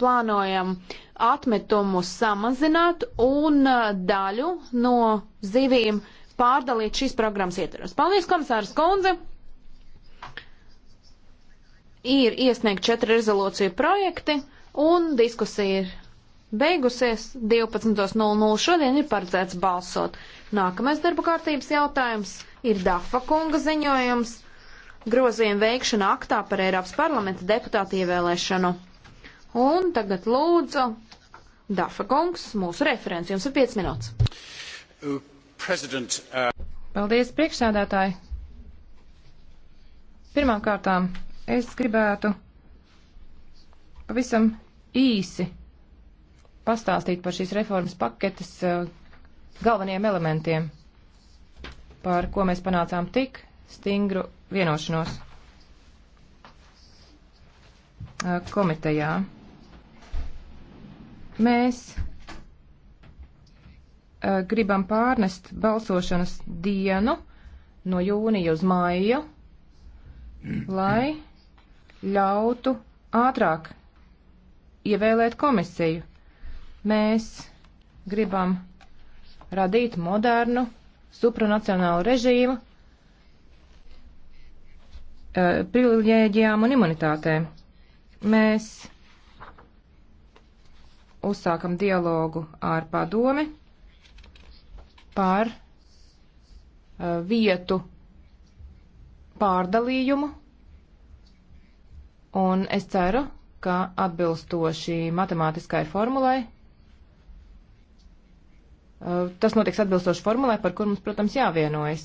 plānojam atmetumus samazināt un uh, daļu no zivīm pārdalīt šīs programmas ietvaros. Paldies, komisārs Konze! Ir iesniegt četri rezolūciju projekti un diskusija ir beigusies. 12.00 šodien ir paredzēts balsot. Nākamais darba kārtības jautājums ir Dafa kunga ziņojums grozījuma veikšana aktā par Eiropas parlamenta deputātu ievēlēšanu. Un tagad lūdzu, Dafa kungs, mūsu referents, jums ir 5 minūtes. Uh... Paldies, priekšsēdētāji. Pirmkārtām, es gribētu pavisam īsi pastāstīt par šīs reformas paketes uh, galvenajiem elementiem, par ko mēs panācām tik stingru vienošanos uh, komitejā. Mēs uh, gribam pārnest balsošanas dienu no jūnija uz maiju, lai ļautu ātrāk ievēlēt komisiju. Mēs gribam radīt modernu, supranacionālu režīmu uh, eh, privilēģijām un imunitātēm. Mēs uzsākam dialogu ar padomi par uh, vietu pārdalījumu, un es ceru, ka atbilstoši matemātiskai formulai, uh, tas notiks atbilstoši formulai, par kur mums, protams, jāvienojas.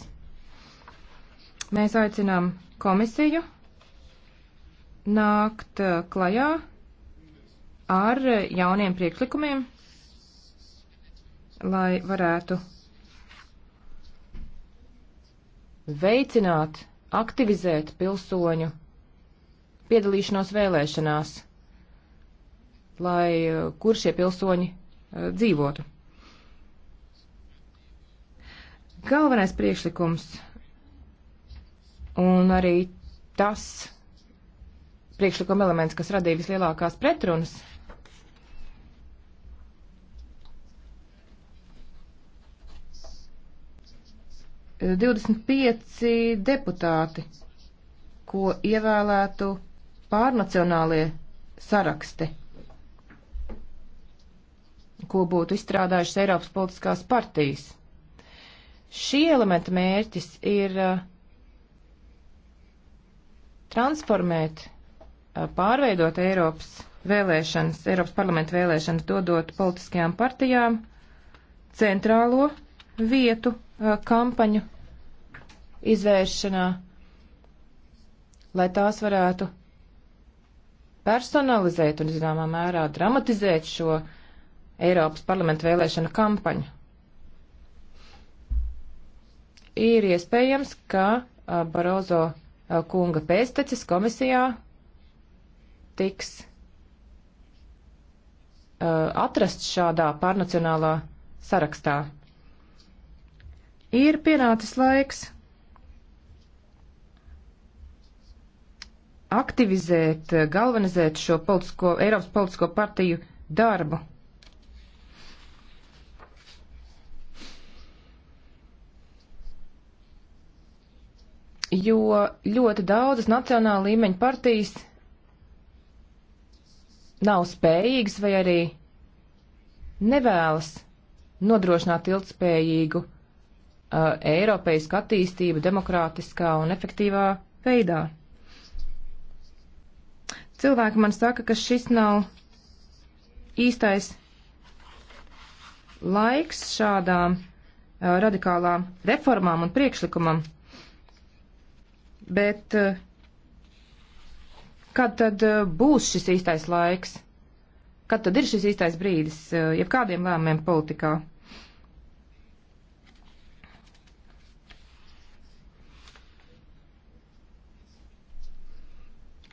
Mēs aicinām komisiju nākt uh, klajā ar jauniem priekšlikumiem, lai varētu veicināt, aktivizēt pilsoņu piedalīšanos vēlēšanās, lai eh, kur šie pilsoņi eh, dzīvotu. Galvenais priekšlikums un arī tas priekšlikuma elements, kas radīja vislielākās pretrunas 25 deputāti, ko ievēlētu pārnacionālie saraksti, ko būtu izstrādājušas Eiropas politiskās partijas. Šī elementa mērķis ir uh, transformēt, uh, pārveidot Eiropas vēlēšanas, Eiropas parlamenta vēlēšanas, dodot politiskajām partijām centrālo vietu uh, kampaņu izvēršanā, lai tās varētu personalizēt un, zināmā mērā, dramatizēt šo Eiropas parlamentu vēlēšanu kampaņu. Ir iespējams, ka Barozo kunga pēctecis komisijā tiks atrasts šādā pārnacionālā sarakstā. Ir pienācis laiks aktivizēt, eh, galvanizēt šo politisko, Eiropas politisko partiju darbu. Jo ļoti daudzas nacionāla līmeņa partijas nav spējīgas vai arī nevēlas nodrošināt ilgspējīgu uh, Eiropeisku attīstību demokrātiskā un efektīvā veidā. Cilvēki man saka, ka šis nav īstais laiks šādām uh, radikālām reformām un priekšlikumam. Bet uh, kad tad uh, būs šis īstais laiks? Kad tad ir šis īstais brīdis, jeb kādiem lēmumiem politikā?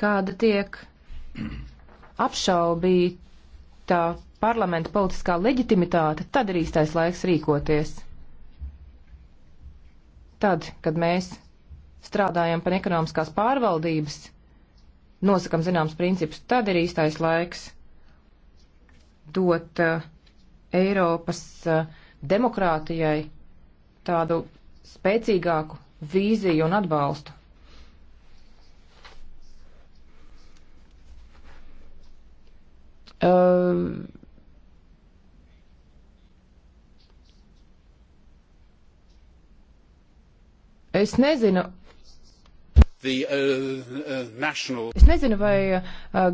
Kāda tiek apšaubīta parlamenta politiskā leģitimitāte, tad ir īstais laiks rīkoties. Tad, kad mēs strādājam par ekonomiskās pārvaldības, nosakam zināms principus, tad ir īstais laiks dot uh, Eiropas uh, demokrātijai tādu spēcīgāku vīziju un atbalstu. Uh, es nezinu, The, uh, uh, national... Es nezinu, vai uh,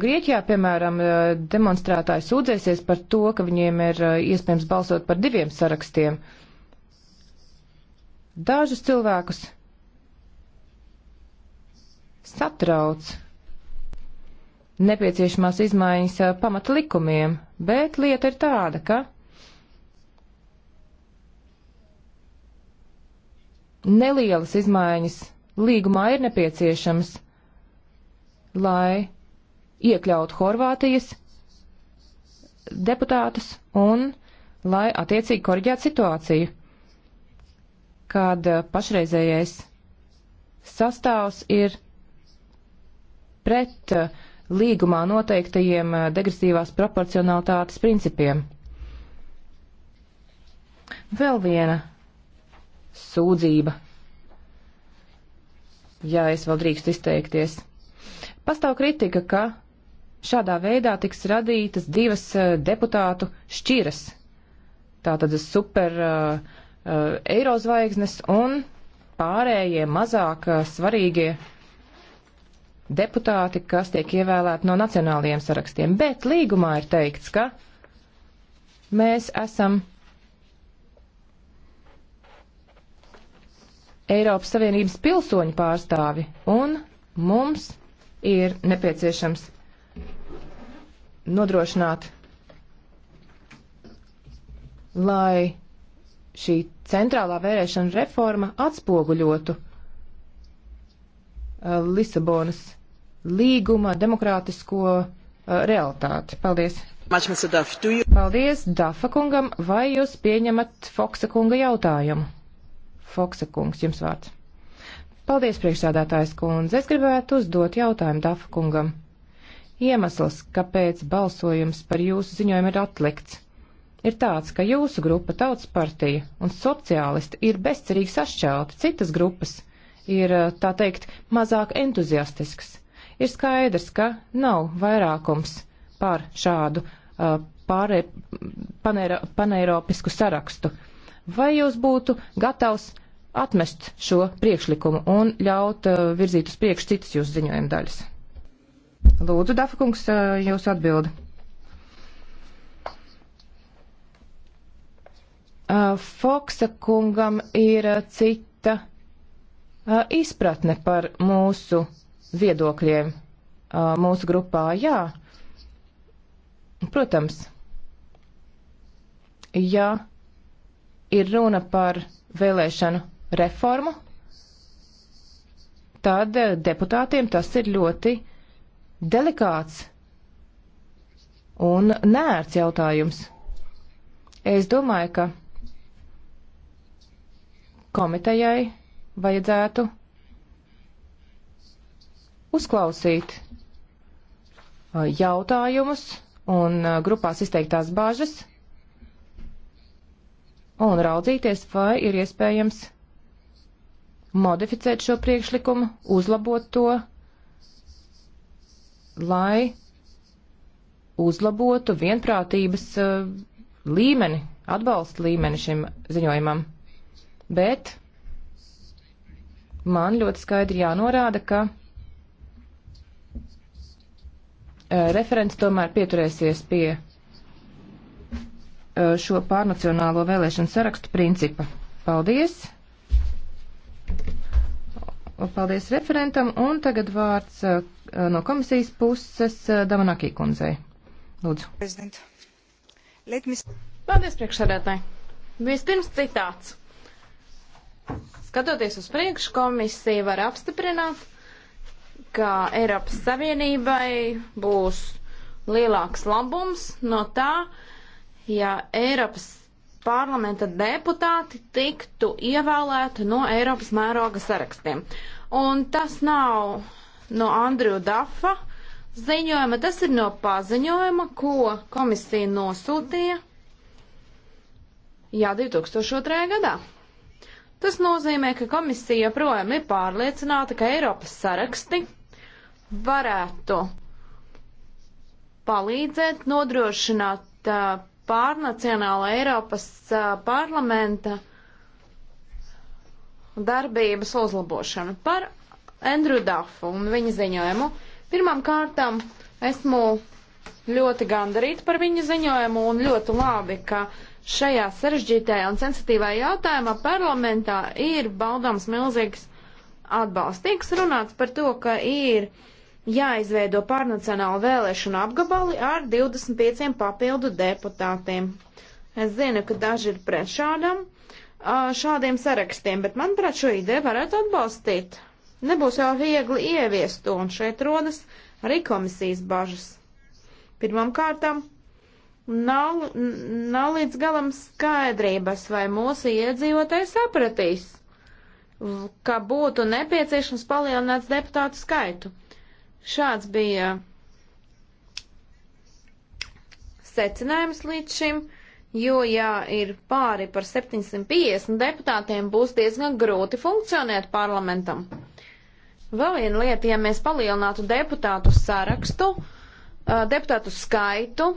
Grieķijā, piemēram, uh, demonstrētāji sūdzēsies par to, ka viņiem ir uh, iespējams balsot par diviem sarakstiem. Dažus cilvēkus satrauc nepieciešamās izmaiņas pamatlikumiem, bet lieta ir tāda, ka nelielas izmaiņas līgumā ir nepieciešamas, lai iekļautu Horvātijas deputātus un lai attiecīgi korģētu situāciju, kad pašreizējais sastāvs ir pret uh, līgumā noteiktajiem eh, degresīvās proporcionalitātes principiem. Vēl viena sūdzība, ja es vēl drīkstu izteikties. Pastāv kritika, ka šādā veidā tiks radītas divas uh, deputātu šķiras. Tātad super uh, uh, eirozvaigznes un pārējie mazāk uh, svarīgie uh, deputāti, kas tiek ievēlēti no nacionālajiem sarakstiem. Bet līgumā ir teikts, ka mēs esam Eiropas Savienības pilsoņu pārstāvi un mums ir nepieciešams nodrošināt, lai šī centrālā vēlēšana reforma atspoguļotu uh, Lisabonas līguma demokrātisko uh, realitāti. Paldies! Paldies Dafa kungam, vai jūs pieņemat Foksa kunga jautājumu? Foksa kungs, jums vārds. Paldies, priekšsādātājs kundze. Es gribētu uzdot jautājumu Dafa kungam. Iemesls, kāpēc balsojums par jūsu ziņojumu ir atlikts, ir tāds, ka jūsu grupa Tautas partija un sociālisti ir bezcerīgi sašķelti, citas grupas ir, tā teikt, mazāk entuziastisks. Ir skaidrs, ka nav vairākums par šādu uh, pārē, paneiro, paneiropisku sarakstu. Vai jūs būtu gatavs atmest šo priekšlikumu un ļaut uh, virzīt uz priekšu citas jūsu ziņojuma daļas? Lūdzu, Dafakungs, uh, jūsu atbildi. Uh, Foksa kungam ir uh, cita izpratne par mūsu viedokļiem mūsu grupā. Jā, protams, ja ir runa par vēlēšanu reformu, tad deputātiem tas ir ļoti delikāts un nērts jautājums. Es domāju, ka komitejai vajadzētu uzklausīt jautājumus un grupās izteiktās bāžas un raudzīties, vai ir iespējams modificēt šo priekšlikumu, uzlabot to, lai uzlabotu vienprātības uh, līmeni, atbalsta līmeni šim ziņojumam. Bet man ļoti skaidri jānorāda, ka Eh, referents tomēr pieturēsies pie eh, šo pārnacionālo vēlēšanu sarakstu principa. Paldies! Paldies referentam, un tagad vārds eh, no komisijas puses Damanakī kundzei. Lūdzu. Me... Paldies priekšsēdētāji. Vispirms citāts. Skatoties uz priekšu, komisija var apstiprināt, ka Eiropas Savienībai būs lielāks labums no tā, ja Eiropas parlamenta deputāti tiktu ievēlēti no Eiropas mēroga sarakstiem. Un tas nav no Andriju Dafa ziņojuma, tas ir no paziņojuma, ko komisija nosūtīja jā, 2002. gadā. Tas nozīmē, ka komisija joprojām ir pārliecināta, ka Eiropas saraksti varētu palīdzēt nodrošināt uh, pārnacionāla Eiropas uh, parlamenta darbības uzlabošanu. Par Andrew Duffu un viņa ziņojumu. Pirmām kārtām esmu ļoti gandarīta par viņa ziņojumu un ļoti labi, ka šajā sarežģītajā un sensitīvā jautājumā parlamentā ir baudāms milzīgs atbalsts. Tiks runāts par to, ka ir uh, jāizveido pārnacionāla vēlēšana apgabali ar 25 papildu deputātiem. Es zinu, ka daži ir pret šādam, šādiem sarakstiem, bet manuprāt šo ideju varētu atbalstīt. Nebūs jau viegli ieviest to, un šeit rodas arī komisijas bažas. Pirmam kārtam nav, nav līdz galam skaidrības, vai mūsu iedzīvotāji sapratīs, ka būtu nepieciešams palielināt deputātu skaitu. Šāds bija secinājums līdz šim, jo, ja ir pāri par 750 deputātiem, būs diezgan grūti funkcionēt parlamentam. Vēl viena lieta, ja mēs palielinātu deputātu sarakstu, deputātu skaitu,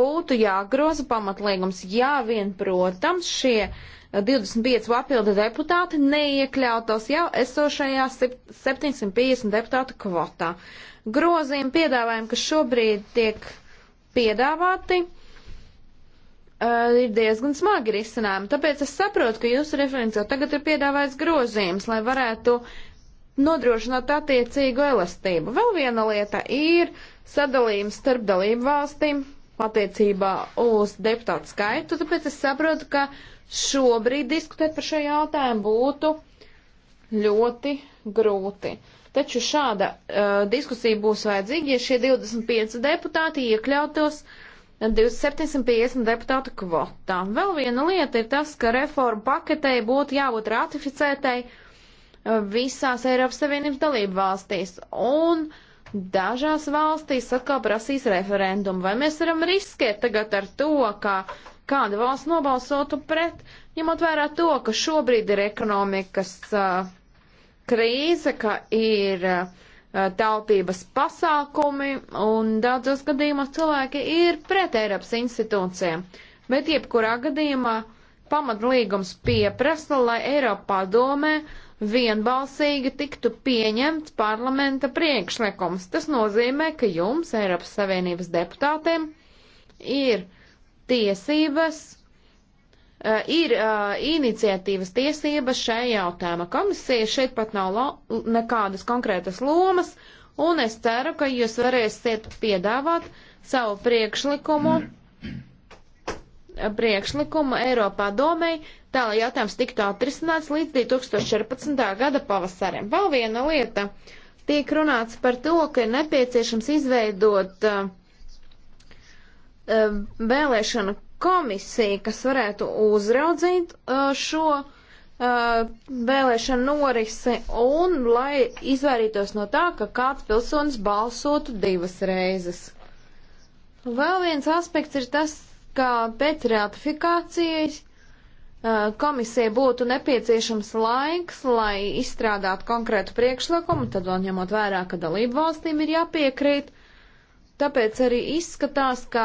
būtu jāgroza pamatlīgums. Jā, vien, protams, šie 25 papildu deputāti neiekļautos jau esošajā 750 deputātu kvotā. Grozījumi piedāvājumi, kas šobrīd tiek piedāvāti, uh, ir diezgan smagi risinājumi. Tāpēc es saprotu, ka jūsu referents jau tagad ir piedāvājis grozījums, lai varētu nodrošināt attiecīgu elastību. Vēl viena lieta ir sadalījums starp dalību valstīm, attiecībā uz deputātu skaitu, tāpēc es saprotu, ka šobrīd diskutēt par šo jautājumu būtu ļoti grūti. Taču šāda uh, diskusija būs vajadzīga, ja šie 25 deputāti iekļautos 2750 deputātu kvotā. Vēl viena lieta ir tas, ka reformu paketei būtu jābūt ratificētai uh, visās Eiropas Savienības dalību valstīs. Un uh, Dažās valstīs atkal prasīs referendumu, vai mēs varam riskēt tagad ar to, ka kāda valsts nobalsotu pret, ņemot vērā to, ka šobrīd ir ekonomikas uh, krīze, ka ir uh, taupības pasākumi un daudzos gadījumos cilvēki ir pret Eiropas institūcijām. Bet jebkurā gadījumā pamatlīgums pieprasa, lai Eiropā domē vienbalsīgi tiktu pieņemts parlamenta priekšlikums. Tas nozīmē, ka jums, Eiropas Savienības deputātiem, ir tiesības, eh, ir eh, iniciatīvas tiesības šajā jautājumā. Komisija šeit pat nav lo, nekādas konkrētas lomas, un es ceru, ka jūs varēsiet piedāvāt savu priekšlikumu. Mm priekšlikumu Eiropā domai, tā lai jautājums tiktu atrisināts līdz 2014. gada pavasarim. Vēl viena lieta. Tiek runāts par to, ka ir nepieciešams izveidot uh, eh, eh, vēlēšana komisija, kas varētu uzraudzīt uh, šo uh, vēlēšanu norisi un lai izvairītos no tā, ka kāds pilsonis balsotu divas reizes. Vēl viens aspekts ir tas, ka pēc ratifikācijas komisija būtu nepieciešams laiks, lai izstrādātu konkrētu priekšlikumu, tad vēl ņemot vērā, ka dalību valstīm ir jāpiekrīt. Tāpēc arī izskatās, ka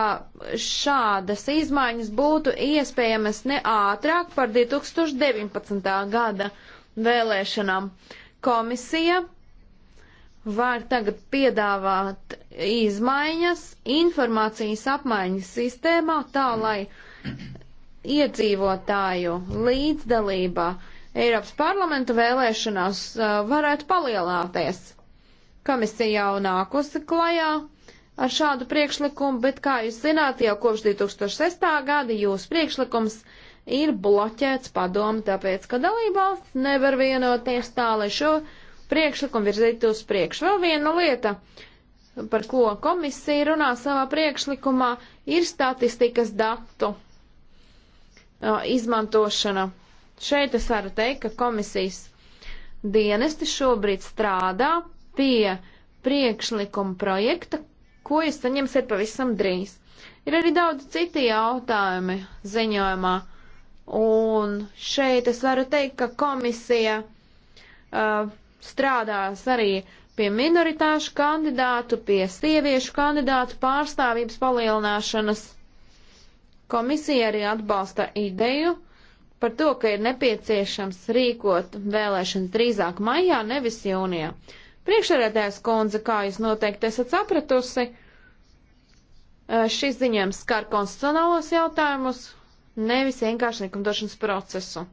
šādas izmaiņas būtu iespējamas ne ātrāk par 2019. gada vēlēšanām. Komisija var tagad piedāvāt izmaiņas informācijas apmaiņas sistēmā tā, lai iedzīvotāju līdzdalība Eiropas parlamentu vēlēšanās uh, varētu palielināties. Komisija jau nākusi klajā ar šādu priekšlikumu, bet, kā jūs zināt, jau kopš 2006. gada jūsu priekšlikums ir bloķēts padomu, tāpēc, ka dalībvalsts nevar vienoties tā, lai šo priekšlikumu virzītu uz priekšu. Vēl viena lieta, par ko komisija runā savā priekšlikumā, ir statistikas datu izmantošana. Šeit es varu teikt, ka komisijas dienesti šobrīd strādā pie priekšlikuma projekta, ko jūs saņemsiet pavisam drīz. Ir arī daudz citi jautājumi ziņojumā, un šeit es varu teikt, ka komisija uh, strādās arī pie minoritāšu kandidātu, pie sieviešu kandidātu pārstāvības palielināšanas Komisija arī atbalsta ideju par to, ka ir nepieciešams rīkot vēlēšanas drīzāk maijā, nevis jūnijā. Priekšsēdētājas kundze, kā jūs noteikti esat sapratusi, eh, šis ziņojums skar konstitucionālos jautājumus, nevis vienkārši likumdošanas procesu.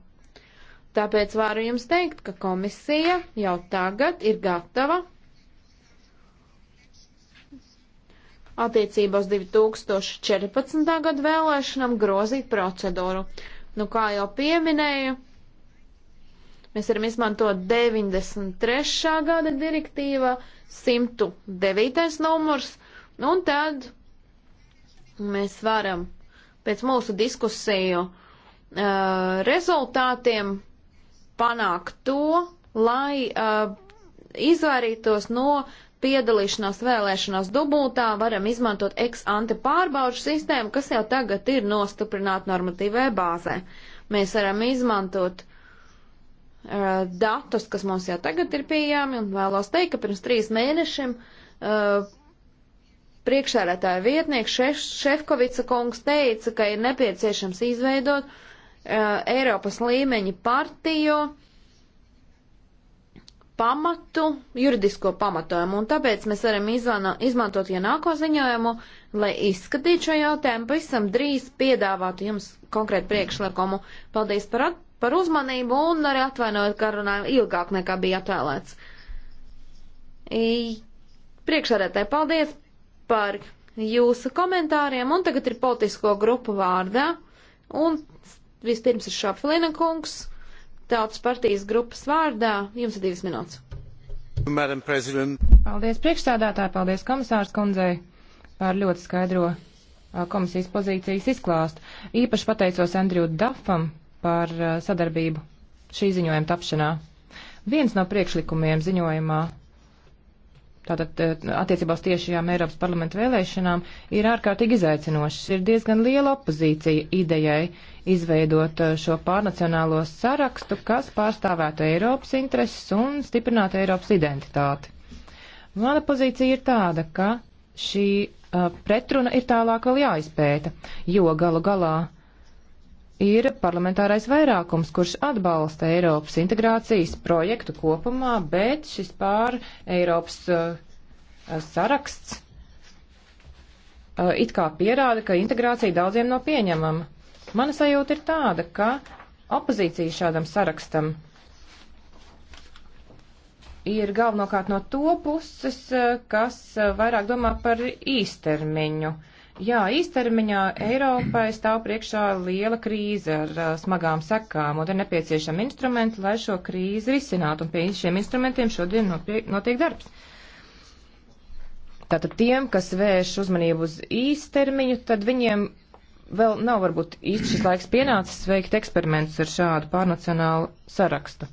Tāpēc varu jums teikt, ka komisija jau tagad ir gatava attiecībā uz 2014. gadu vēlēšanām grozīt procedūru. Nu, kā jau pieminēju, mēs varam izmantot 93. gada direktīva, 109. numurs, un tad mēs varam pēc mūsu diskusiju uh, rezultātiem panākt to, lai uh, izvairītos no piedalīšanos vēlēšanās dubultā, varam izmantot ex-ante pārbaužu sistēmu, kas jau tagad ir nostiprināta normatīvajā bāzē. Mēs varam izmantot uh, datus, kas mums jau tagad ir pieejami, un vēlos teikt, ka pirms trīs mēnešiem uh, priekšsēdētāja vietnieks šef, Šefkovica kungs teica, ka ir nepieciešams izveidot uh, Eiropas līmeņa partiju, uh, pamatu, juridisko pamatojumu, un tāpēc mēs varam izvana, izmantot ienāko ziņojumu, lai izskatītu šo jautājumu, pavisam drīz piedāvātu jums konkrētu priekšlikumu. Paldies par, at, par uzmanību un arī atvainojot, ka runāju ilgāk nekā bija atvēlēts. Priekšsēdētāji, paldies par jūsu komentāriem, un tagad ir politisko grupu vārdā, un vispirms ir Šaflina kungs. Tautas partijas grupas vārdā. Jums ir divas minūtes. Paldies priekšstādātāji, paldies komisārs kundzei par ļoti skaidro komisijas pozīcijas izklāstu. Īpaši pateicos Andriju Dafam par sadarbību šī ziņojuma tapšanā. Viens no priekšlikumiem ziņojumā tātad eh, attiecībā uz tiešajām Eiropas parlamenta vēlēšanām, ir ārkārtīgi izaicinošas. Ir diezgan liela opozīcija idejai izveidot eh, šo pārnacionālo sarakstu, kas pārstāvētu Eiropas intereses un stiprinātu Eiropas identitāti. Mana pozīcija ir tāda, ka šī uh, pretruna ir tālāk vēl jāizpēta, jo galu galā uh, ir parlamentārais vairākums, kurš atbalsta Eiropas integrācijas projektu kopumā, bet šis pār Eiropas uh, saraksts uh, it kā pierāda, ka integrācija daudziem nav no pieņemama. Mana sajūta ir tāda, ka opozīcija šādam sarakstam ir galvenokārt no to puses, uh, kas uh, vairāk domā par īstermiņu uh, Jā, īstermiņā Eiropai stāv priekšā liela krīze ar uh, smagām sekām, un ir nepieciešami instrumenti, lai šo krīzi risinātu, un pie šiem instrumentiem šodien notiek darbs. Tātad tiem, kas vērš uzmanību uz īstermiņu, tad viņiem vēl nav varbūt īsti šis laiks pienācis veikt eksperimentus ar šādu pārnacionālu sarakstu.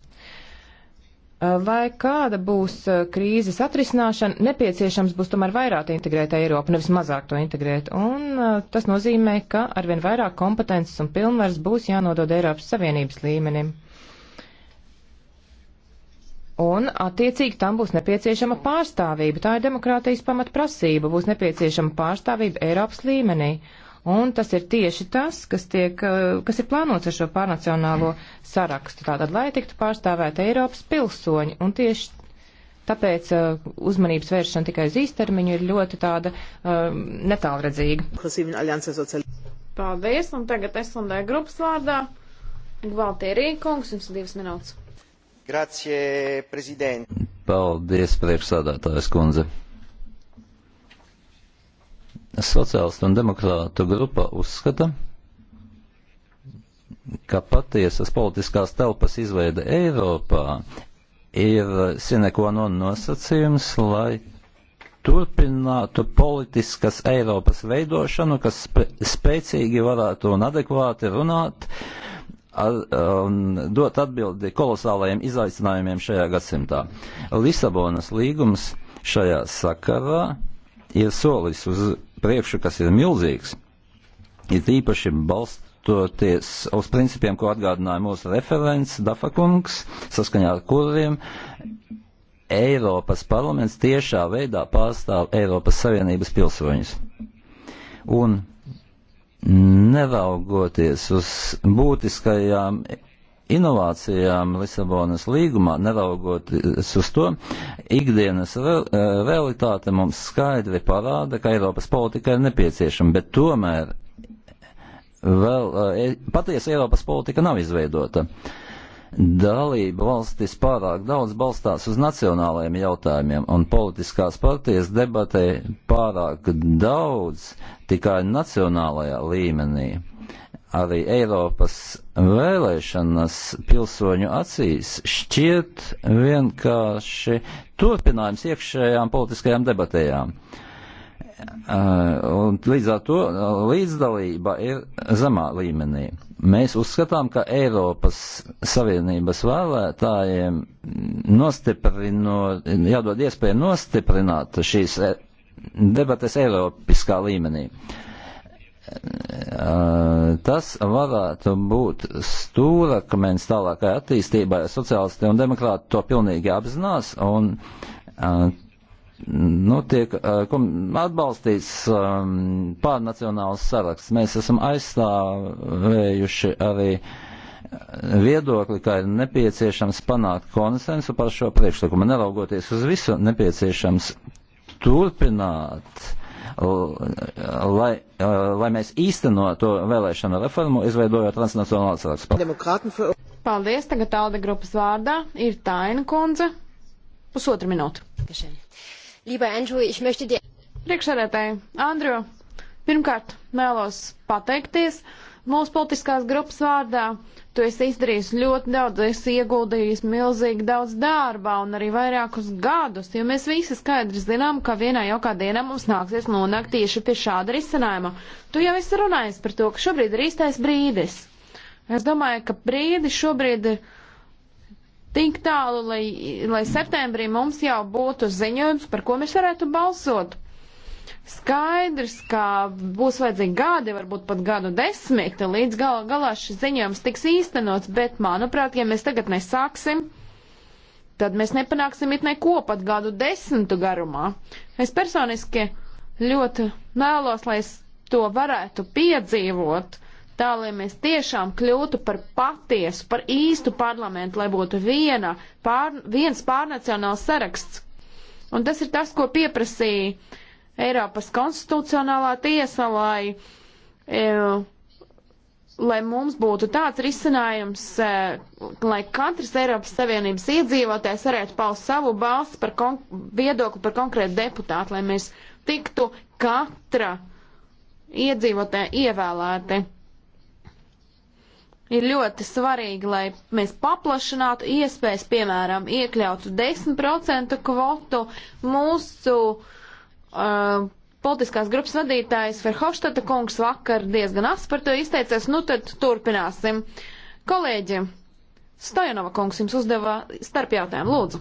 Lai eh, kāda būs eh, krīzes atrisināšana, nepieciešams būs tomēr vairāk integrēt Eiropu, nevis mazāk to integrēt. Un eh, tas nozīmē, ka arvien vairāk kompetences un pilnvars būs jānodod Eiropas Savienības līmenim. Un, attiecīgi, tam būs nepieciešama pārstāvība. Tā ir demokrātijas pamatprasība. Būs nepieciešama pārstāvība Eiropas līmenī. Uh, Un tas ir tieši tas, kas, tiek, eh, kas ir plānots ar šo pārnacionālo sarakstu. Tātad, lai tiktu pārstāvēt Eiropas pilsoņi. Un tieši tāpēc eh, uzmanības vēršana tikai uz īstermiņu ir ļoti tāda um, netālredzīga. Paldies, un tagad SLD grupas vārdā. Gvaltierī kungs, jums divas minūtes. Grazie, prezident. Paldies, priekšsādātājs kundze. Sociālistu un demokrātu grupa uzskata, ka patiesas politiskās telpas izveida Eiropā ir sineko non nosacījums, lai turpinātu politiskas Eiropas veidošanu, kas spēcīgi varētu un adekvāti runāt ar, un dot atbildi kolosālajiem izaicinājumiem šajā gadsimtā. Lisabonas līgums šajā sakarā ir solis uz priekšu, kas ir milzīgs, ir īpaši balstoties uz principiem, ko atgādināja mūsu referents Dafakungs, saskaņā ar kuriem Eiropas parlaments tiešā veidā pārstāv Eiropas Savienības pilsoņus. Un neraugoties uz būtiskajām inovācijām Lisabonas līgumā, neraugoties uz to, ikdienas e, realitāte mums skaidri parāda, ka Eiropas politika ir nepieciešama, bet tomēr vēl e, patiesa Eiropas politika nav izveidota. Dalība valstis pārāk daudz balstās uz nacionālajiem jautājumiem, un politiskās partijas debatē pārāk daudz tikai nacionālajā līmenī arī Eiropas vēlēšanas pilsoņu acīs šķiet vienkārši turpinājums iekšējām politiskajām debatējām. Uh, un līdz ar to uh, līdzdalība ir zemā līmenī. Mēs uzskatām, ka Eiropas Savienības vēlētājiem jādod iespēja nostiprināt šīs eh, debates Eiropiskā līmenī. Uh, tas varētu būt stūrakmens tālākai attīstībai. Sociālisti un demokrāti to pilnīgi apzinās un nu, tiek atbalstīts pārnacionāls saraksts. Mēs esam aizstāvējuši arī viedokli, ka ir nepieciešams panākt konsensu par šo priekšlikumu. Neraugoties uz visu, nepieciešams turpināt lai, lai mēs īstenot to vēlēšanu reformu, izveidojot transnacionālu sarakstu. Paldies, tagad Alde grupas vārdā ir Taina kundze. Pusotru minūtu. Priekšsēdētāji, Andriu, pirmkārt vēlos pateikties Mūsu politiskās grupas vārdā tu esi izdarījis ļoti daudz, esi ieguldījis milzīgi daudz darbā un arī vairākus gadus, jo mēs visi skaidri zinām, ka vienā jau kā dienā mums nāksies nonākt tieši pie šāda risinājuma. Tu jau esi runājis par to, ka šobrīd ir īstais brīdis. Es domāju, ka brīdi šobrīd ir tik tālu, lai, lai septembrī mums jau būtu ziņojums, par ko mēs varētu balsot. Skaidrs, ka būs vajadzīgi gadi, varbūt pat gadu desmiti, līdz gal, galā šis ziņojums tiks īstenots, bet, manuprāt, ja mēs tagad nesāksim, tad mēs nepanāksim it neko pat gadu desmitu garumā. Es personiski ļoti vēlos, lai es to varētu piedzīvot, tā lai mēs tiešām kļūtu par patiesu, par īstu parlamentu, lai būtu viena, pār, viens pārnacionāls saraksts. Un tas ir tas, ko pieprasīja Eiropas konstitucionālā tiesa, lai, e, lai mums būtu tāds risinājums, e, lai katrs Eiropas Savienības iedzīvotājs varētu paust savu balsi par viedokli par konkrētu deputātu, lai mēs tiktu katra iedzīvotāja ievēlēti. Ir ļoti svarīgi, lai mēs paplašinātu iespējas, piemēram, iekļautu 10% kvotu mūsu uh, uh, politiskās grupas vadītājs Verhofstata kungs vakar diezgan asti par to izteicies, nu tad turpināsim. Kolēģi, Stojanova kungs jums uzdeva starp jautājumu, lūdzu.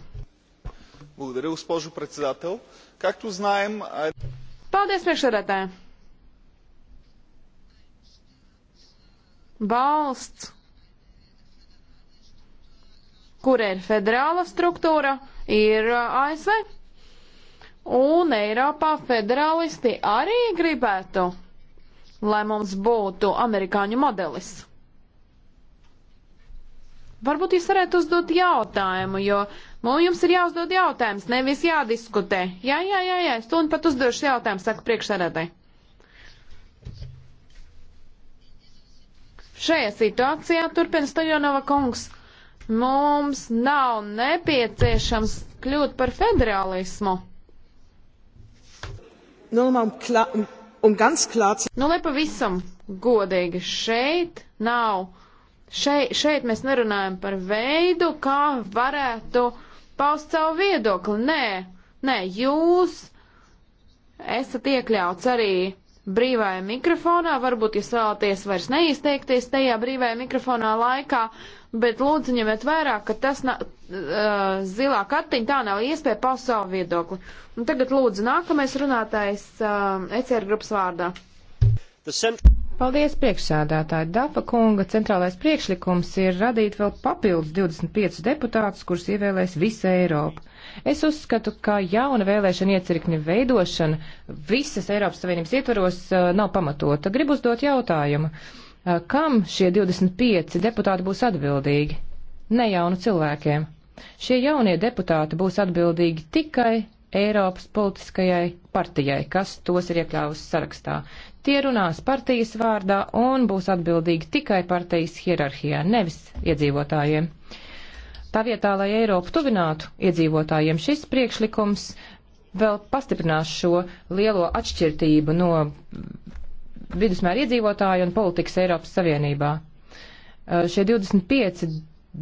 Благодаря, госпожо председател. Както знаем... Paldies, priekšsēdētāji. Valsts, kur ir federāla struktūra, ir uh, ASV. Un Eiropā federālisti arī gribētu, lai mums būtu amerikāņu modelis. Varbūt jūs varētu uzdot jautājumu, jo nu, jums ir jāuzdod jautājums, nevis jādiskutē. Jā, jā, jā, jā, es tūlīt pat uzdošu jautājumu, saka priekšsēdētāji. Šajā situācijā turpina Staļonova kungs. Mums nav nepieciešams kļūt par federālismu. Nu, nu, man klā, un ganz klāts. Nu, lai pavisam godīgi šeit nav. Šeit, šeit mēs nerunājam par veidu, kā varētu paust savu viedokli. Nē, nē, jūs esat iekļauts arī brīvajā mikrofonā. Varbūt jūs vēlaties vairs neizteikties tajā brīvajā mikrofonā laikā, bet lūdzu ņemiet vērā, ka tas na, uh, zilā kartiņa tā nav iespēja paust savu viedokli. Un tagad lūdzu nākamais runātājs uh, ECR grupas vārdā. Paldies priekšsēdētāji. Dafa kunga centrālais priekšlikums ir radīt vēl papildus 25 deputātus, kurus ievēlēs visa Eiropa. Es uzskatu, ka jauna vēlēšana iecirkņa veidošana visas Eiropas Savienības ietvaros uh, nav pamatota. Gribu uzdot jautājumu, uh, kam šie 25 deputāti būs atbildīgi? Ne jaunu cilvēkiem. Šie jaunie deputāti būs atbildīgi tikai Eiropas politiskajai partijai, kas tos ir iekļāvusi sarakstā. Tie runās partijas vārdā un būs atbildīgi tikai partijas hierarhijā, nevis iedzīvotājiem. Uh, Tā vietā, lai Eiropu tuvinātu iedzīvotājiem, šis priekšlikums vēl pastiprinās šo lielo atšķirtību no vidusmēra iedzīvotāju un politikas Eiropas Savienībā. Šie 25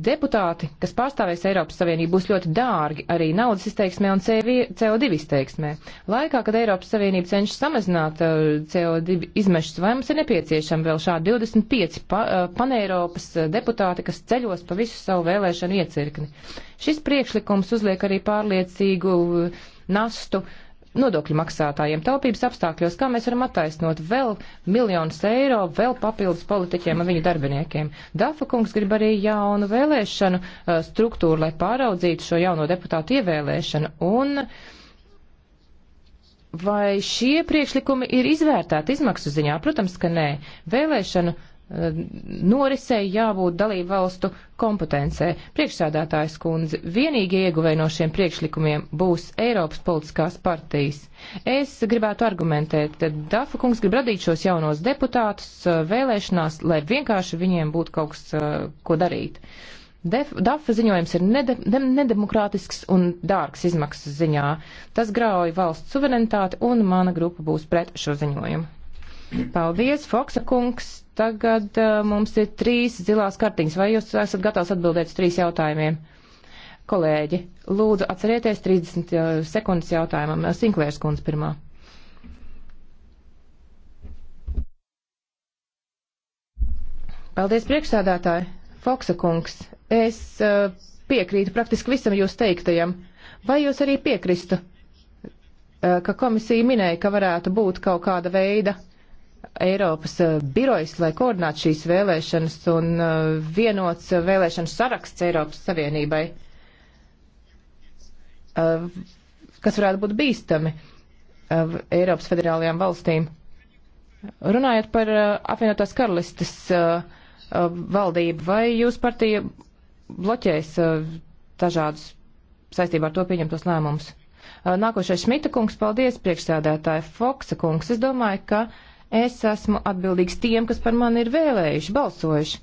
deputāti, kas pārstāvēs Eiropas Savienību, būs ļoti dārgi arī naudas izteiksmē un CO2 izteiksmē. Laikā, kad Eiropas Savienība cenšas samazināt uh, CO2 izmešus, vai mums ir nepieciešami vēl šādi 25 pa, uh, paneiropas uh, deputāti, kas ceļos pa visu savu vēlēšanu iecirkni? Šis priekšlikums uzliek arī pārliecīgu nastu uh, nodokļu maksātājiem. Taupības apstākļos, kā mēs varam attaisnot vēl miljonus eiro, vēl papildus politiķiem un viņu darbiniekiem. Dafa kungs grib arī jaunu vēlēšanu uh, struktūru, lai pāraudzītu šo jauno deputātu ievēlēšanu. Un vai šie priekšlikumi ir izvērtēti izmaksu ziņā? Protams, ka nē. Vēlēšanu norisei jābūt dalību valstu kompetencē. Priekšsādātājs kundze, vienīgie ieguvēji no šiem priekšlikumiem būs Eiropas politiskās partijas. Es gribētu argumentēt, ka Dafa kungs grib radīt šos jaunos deputātus uh, vēlēšanās, lai vienkārši viņiem būtu kaut kas, uh, ko darīt. Def, DAFA ziņojums ir nede, ne, nedemokrātisks un dārgs izmaksas ziņā. Tas grauj valsts suverenitāti un mana grupa būs pret šo ziņojumu. Paldies, Foksa kungs! Tagad uh, mums ir trīs zilās kartiņas. Vai jūs esat gatavs atbildēt uz trīs jautājumiem? Kolēģi, lūdzu atcerieties 30 uh, sekundes jautājumam. Uh, Sinklērs kundze pirmā. Paldies priekšsādātāji. Foksa kungs, es uh, piekrītu praktiski visam jūs teiktajam. Vai jūs arī piekristu, uh, ka komisija minēja, ka varētu būt kaut kāda veida Eiropas eh, birojs, lai koordinātu šīs vēlēšanas un eh, vienots eh, vēlēšanu saraksts Eiropas Savienībai, kas varētu būt bīstami Eiropas federālajām valstīm. Runājot par apvienotās karalistes valdību, vai jūs partija bloķēs dažādus saistībā ar to pieņemtos lēmumus? Nākošais Šmita kungs, paldies priekšsēdētāja Foksa kungs. Es domāju, ka uh, Es esmu atbildīgs tiem, kas par mani ir vēlējuši, balsojuši.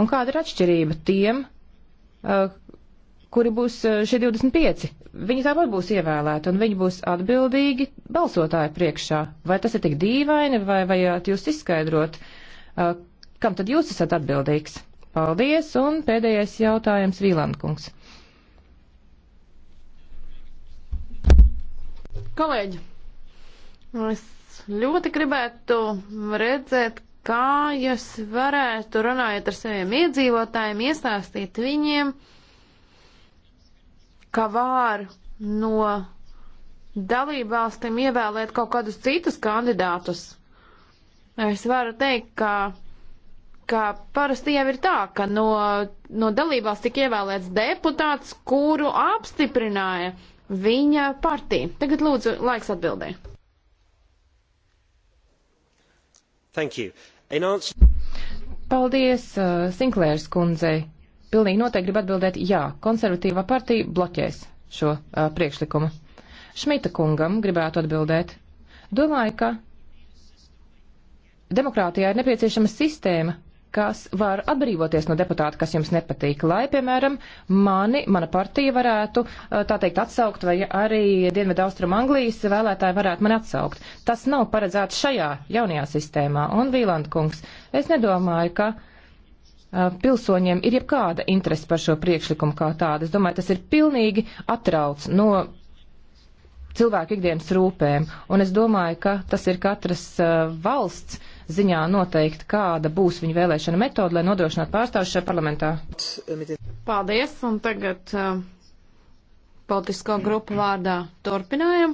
Un kāda ir atšķirība tiem, uh, kuri būs eh, šie 25? Viņi tāpat būs ievēlēti un viņi būs atbildīgi balsotāju priekšā. Vai tas ir tik dīvaini, vai vajāt jūs izskaidrot, uh, kam tad jūs esat atbildīgs? Paldies, un pēdējais jautājums Vīlandkungs. Kolēģi, es ļoti gribētu redzēt, kā jūs varētu runājot ar saviem iedzīvotājiem, iestāstīt viņiem, ka var no dalībvalstīm ievēlēt kaut kādus citus kandidātus. Es varu teikt, ka, ka parasti jau ir tā, ka no, no dalībās tika ievēlēts deputāts, kuru apstiprināja viņa partija. Tagad lūdzu laiks atbildēji. Thank you. In answer... Paldies, uh, Sinklērs kundzei. Pilnīgi noteikti grib atbildēt, jā, konservatīvā partija bloķēs šo uh, priekšlikumu. Šmita kungam gribētu atbildēt. Domāju, ka demokrātijā ir nepieciešama sistēma, kas var atbrīvoties no deputāta, kas jums nepatīk, lai, piemēram, mani, mana partija varētu, tā teikt, atsaukt, vai arī Dienvedu Austrum Anglijas vēlētāji varētu mani atsaukt. Tas nav paredzēts šajā jaunajā sistēmā. Un, Vīland kungs, es nedomāju, ka pilsoņiem ir jebkāda interese par šo priekšlikumu kā tādu. Es domāju, tas ir pilnīgi atrauc no cilvēku ikdienas rūpēm. Un es domāju, ka tas ir katras uh, valsts ziņā noteikt, kāda būs viņa vēlēšana metode, lai nodrošinātu pārstāvju šajā parlamentā. Paldies, un tagad uh, politisko grupu vārdā turpinājam.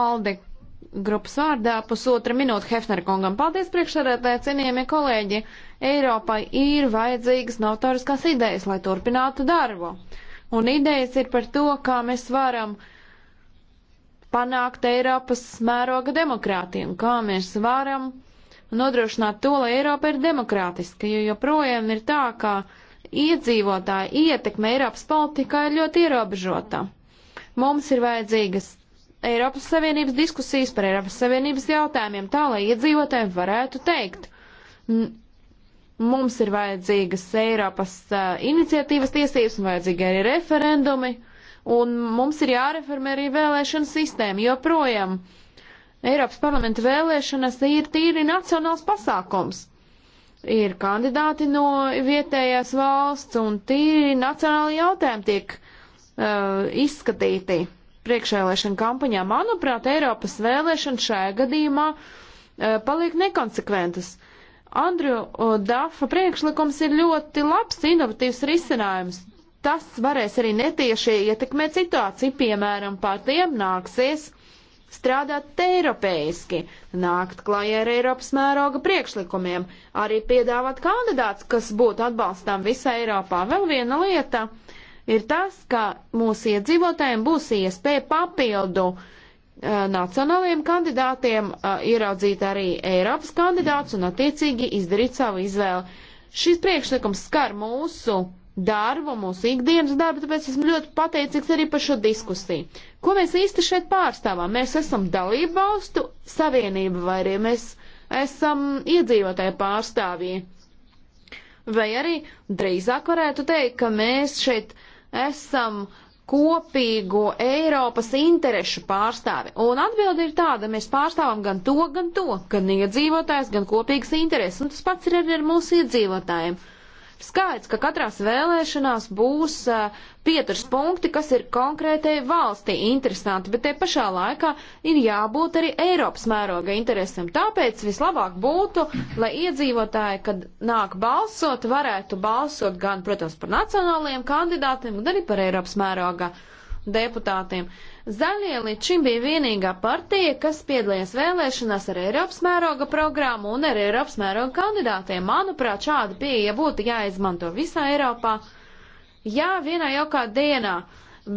Aldi grupas vārdā pusotra minūte Hefner kungam. Paldies priekšsēdētāji, cienījamie kolēģi. Eiropai ir vajadzīgas novatoriskās idejas, lai turpinātu darbu. Un idejas ir par to, kā mēs varam panākt Eiropas mēroga demokrātiem, kā mēs varam uh, un nodrošināt to, lai Eiropa ir demokrātiska, jo joprojām ir tā, ka iedzīvotāja ietekme Eiropas politikā ir ļoti ierobežota. Mums ir vajadzīgas Eiropas Savienības diskusijas par Eiropas Savienības jautājumiem, tā lai iedzīvotāji varētu teikt. Mums ir vajadzīgas Eiropas uh, iniciatīvas tiesības un vajadzīgi arī referendumi, un mums ir jāreformē arī vēlēšana sistēma, jo projām uh, Eiropas parlamenta vēlēšanas ir tīri nacionāls pasākums. Ir kandidāti no vietējās valsts un tīri nacionāli jautājumi tiek uh, izskatīti priekšvēlēšana kampaņā. Manuprāt, Eiropas vēlēšana šajā gadījumā uh, paliek nekonsekventas. Andriju uh, Dafa priekšlikums ir ļoti labs, inovatīvs risinājums tas varēs arī netieši ietekmēt situāciju. Piemēram, partijām nāksies strādāt teiropeiski, nākt klajā ar Eiropas mēroga priekšlikumiem, arī piedāvāt kandidāts, kas būtu atbalstām visā Eiropā. Vēl viena lieta ir tas, ka mūsu iedzīvotājiem būs iespēja papildu uh, eh, nacionālajiem kandidātiem uh, ieraudzīt arī Eiropas kandidātus un attiecīgi izdarīt savu izvēli. Šis priekšlikums skar mūsu darbu, mūsu ikdienas darbu, tāpēc esmu ļoti pateicīgs arī par šo diskusiju. Ko mēs īsti šeit pārstāvām? Mēs esam dalību valstu savienība vai arī mēs esam iedzīvotāju pārstāvji. Vai arī drīzāk varētu teikt, ka mēs šeit esam kopīgu Eiropas interešu pārstāvi. Un atbildi ir tāda, mēs pārstāvam gan to, gan to, gan iedzīvotājs, gan kopīgas intereses. Un tas pats ir arī ar mūsu iedzīvotājiem. Uh, skaidrs, ka katrās vēlēšanās būs uh, pieturs punkti, kas ir konkrētai valstī interesanti, bet te pašā laikā ir jābūt arī Eiropas mēroga interesam. Tāpēc vislabāk būtu, lai iedzīvotāji, kad nāk balsot, varētu balsot gan, protams, par nacionālajiem kandidātiem, gan arī par Eiropas mēroga deputātiem. Uh, Zaļie līdz šim bija vienīgā partija, kas piedalījās vēlēšanās ar Eiropas mēroga programmu un ar Eiropas mēroga kandidātiem. Manuprāt, šāda pieeja būtu jāizmanto visā Eiropā. Jā, vienā jaukā dienā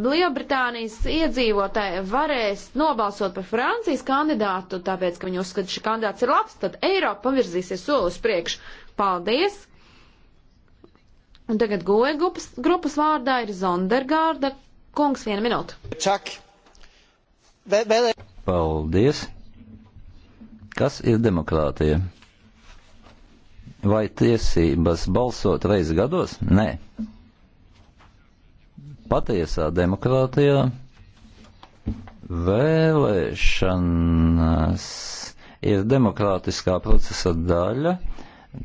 Lielbritānijas iedzīvotāji varēs nobalsot par Francijas kandidātu, tāpēc, ka viņi uzskata, ka šis kandidāts ir labs, tad Eiropa pavirzīsies soli uz priekšu. Paldies! Un tagad goja grupas, grupas vārdā ir Zondergārda kungs viena minūte. Čak! Vēl... Paldies! Kas ir demokrātija? Vai tiesības balsot reiz gados? Nē. Patiesā demokrātijā vēlēšanas ir demokrātiskā procesa daļa,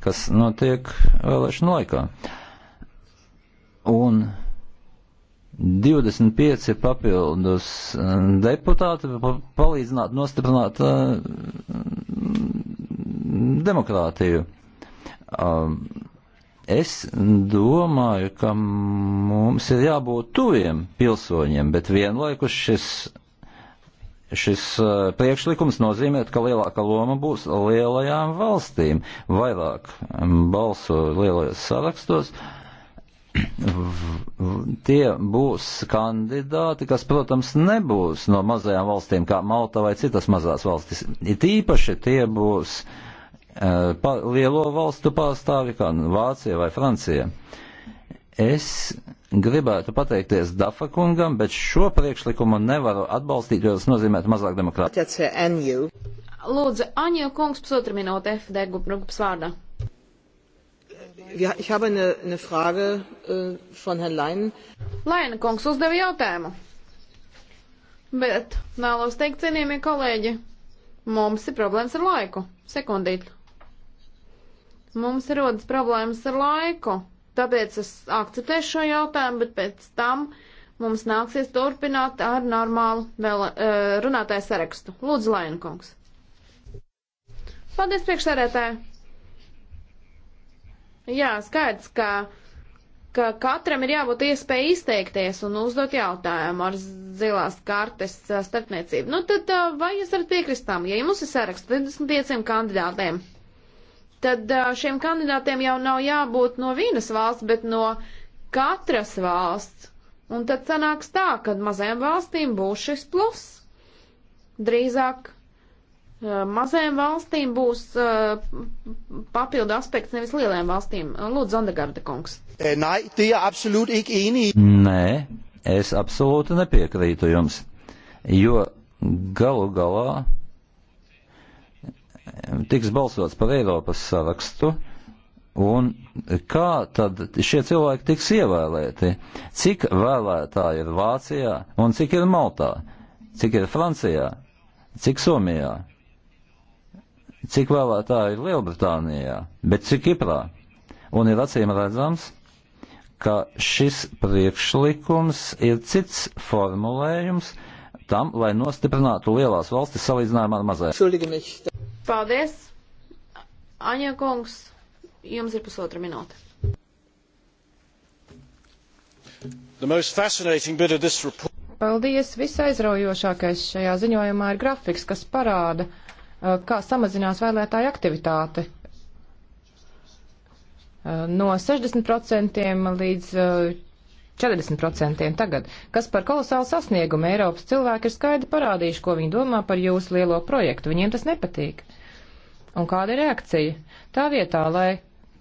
kas notiek vēlēšanu laikā. Un 25 papildus eh, deputāti palīdzināt nostiprināt uh, demokrātiju. Uh, es domāju, ka mums ir jābūt tuviem pilsoņiem, bet vienlaikus šis, šis uh, priekšlikums nozīmē, ka lielāka loma būs lielajām valstīm. Vairāk mm, balso lielajos sarakstos. Uh, tie būs kandidāti, kas, protams, nebūs no mazajām valstīm kā Malta vai citas mazās valstis. It īpaši tie būs uh, pa, lielo valstu pārstāvi kā nu Vācija vai Francija. Es gribētu pateikties Dafa kungam, bet šo priekšlikumu nevaru atbalstīt, jo tas nozīmētu mazāk demokrātiju. Lūdzu, Aņu kungs, pusotra minūte FD grupas vārdā. Ja, ich habe eine, eine Frage äh, von Herrn Leinen. Laina kungs uzdeva jautājumu. Bet vēlos teikt, cienījamie kolēģi, mums ir problēmas ar laiku. Sekundīt. Mums ir rodas problēmas ar laiku. Tāpēc es akceptēšu šo jautājumu, bet pēc tam mums nāksies turpināt ar normālu vēl, uh, runātāju sarakstu. Lūdzu, Laina kungs. Paldies, priekšsēdētāji! Jā, skaidrs, ka, ka katram ir jābūt iespēja izteikties un uzdot jautājumu ar zilās kartes starpniecību. Nu, tad vai jūs varat piekrist tam, ja jums ir saraksts 25 kandidātiem, tad šiem kandidātiem jau nav jābūt no vienas valsts, bet no katras valsts. Un tad sanāks tā, ka mazajām valstīm būs šis plus. Drīzāk Eh, mazajām valstīm būs eh, papildu aspekts, nevis lielajām valstīm. Lūdzu, Zondegarda kungs. Eh, er Nē, es absolūti nepiekrītu jums, jo galu galā tiks balsots par Eiropas sarakstu. Un kā tad šie cilvēki tiks ievēlēti? Cik vēlētāji ir Vācijā un cik ir Maltā? Cik ir Francijā? Cik Somijā? cik vēlētāji ir Lielbritānijā, bet cik Kiprā. Un ir acīm redzams, ka šis priekšlikums ir cits formulējums tam, lai nostiprinātu lielās valstis salīdzinājumā ar mazajām. Paldies! Aņa kungs, jums ir pusotra minūte. Paldies! Visaizraujošākais šajā ziņojumā ir grafiks, kas parāda, Uh, kā samazinās vēlētāja aktivitāte. Uh, no 60% līdz 40% uh, tagad, kas par kolosālu sasniegumu Eiropas cilvēki ir skaidri parādījuši, ko viņi domā par jūsu lielo projektu. Viņiem tas nepatīk. Un kāda ir reakcija? Tā vietā, lai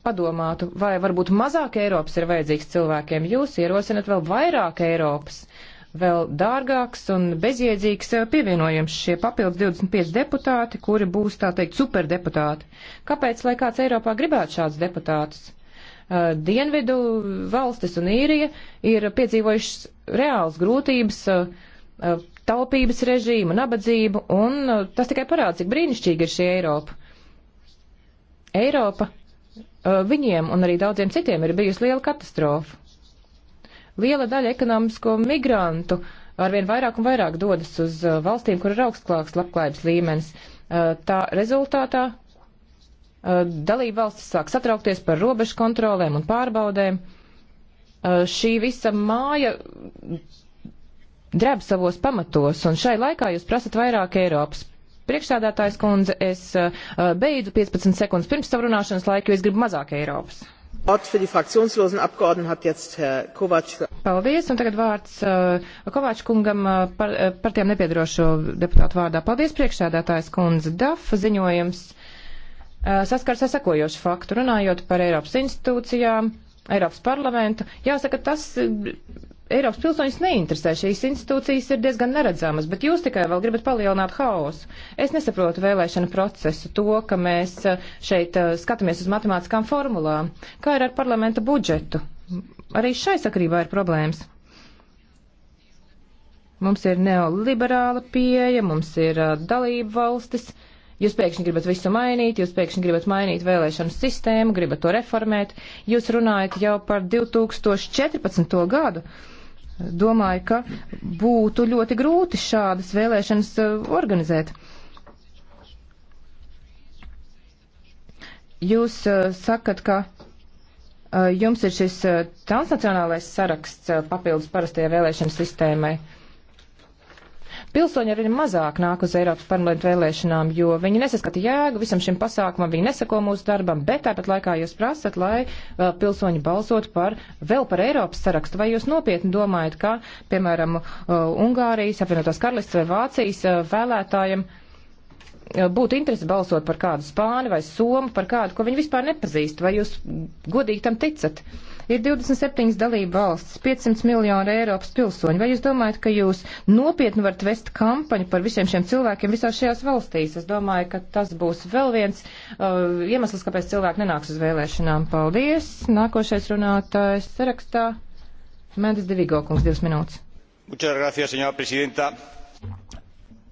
padomātu, vai varbūt mazāk Eiropas ir vajadzīgs cilvēkiem, jūs ierosinat vēl vairāk Eiropas. Uh, vēl dārgāks un bezjēdzīgs eh, pievienojums šie papildus 25 deputāti, kuri būs, tā teikt, superdeputāti. Kāpēc, lai kāds Eiropā gribētu šādus deputātus? Eh, Dienvidu valstis un īrija ir piedzīvojušas reāls grūtības, eh, taupības režīmu, nabadzību, un tas tikai parāda, cik brīnišķīgi ir šī Eiropa. Eiropa viņiem un arī daudziem citiem ir bijusi liela katastrofa. Liela daļa ekonomisko migrantu arvien vairāk un vairāk dodas uz uh, valstīm, kur ir augstlāks labklājības līmenis. Uh, tā rezultātā uh, dalība valstis sāk satraukties par robežu kontrolēm un pārbaudēm. Šī visa māja dreb savos pamatos, un šai laikā jūs prasat vairāk Eiropas. Priekšsēdētājs kundze, es beidzu 15 sekundes pirms savu runāšanas laiku, jo es gribu mazāk Eiropas. Paldies, un tagad vārds uh, eh, Kovāč kungam uh, par, uh, par tiem nepiedrošo deputātu vārdā. Paldies, priekšsēdētājs kundze. DAF ziņojums uh, saskars ar sekojošu faktu, runājot par Eiropas institūcijām, Eiropas parlamentu. Jāsaka, tas. Uh, Eiropas pilsoņus neinteresē. Šīs institūcijas ir diezgan neredzamas, bet jūs tikai vēl gribat palielināt haosu. Es nesaprotu vēlēšanu procesu, to, ka mēs eh, šeit eh, skatāmies uz matemātiskām formulām. Kā ir ar parlamenta budžetu? Arī šai sakrībā ir problēmas. Mums ir neoliberāla pieeja, mums ir eh, dalība valstis. Jūs pēkšņi gribat visu mainīt, jūs pēkšņi gribat mainīt vēlēšanu sistēmu, gribat to reformēt. Jūs runājat jau par 2014. gadu. Uh, domāju, ka būtu ļoti grūti šādas vēlēšanas eh, organizēt. Jūs eh, sakat, ka eh, jums ir šis transnacionālais saraksts papildus parastajai vēlēšanu sistēmai. Uh, Pilsoņi arī mazāk nāk uz Eiropas parlamentu vēlēšanām, jo viņi nesaskata jēgu visam šim pasākumam, viņi nesako mūsu darbam, bet tāpat laikā jūs prasat, lai uh, pilsoņi balsot par vēl par Eiropas sarakstu. Vai jūs nopietni domājat, ka, piemēram, uh, Ungārijas, apvienotās karalists vai Vācijas uh, vēlētājiem uh, būtu interesi balsot par kādu spāni vai somu, par kādu, ko viņi vispār nepazīst, vai jūs godīgi tam ticat? Ir 27 dalība valsts, 500 miljonu Eiropas pilsoņu. Vai jūs domājat, ka jūs nopietni varat vest kampaņu par visiem šiem cilvēkiem visās šajās valstīs? Es domāju, ka tas būs vēl viens uh, iemesls, kāpēc cilvēki nenāks uz vēlēšanām. Paldies! Nākošais runātājs sarakstā. Mendes Devigo kungs, divas minūtes. Muchas gracias, señora presidenta.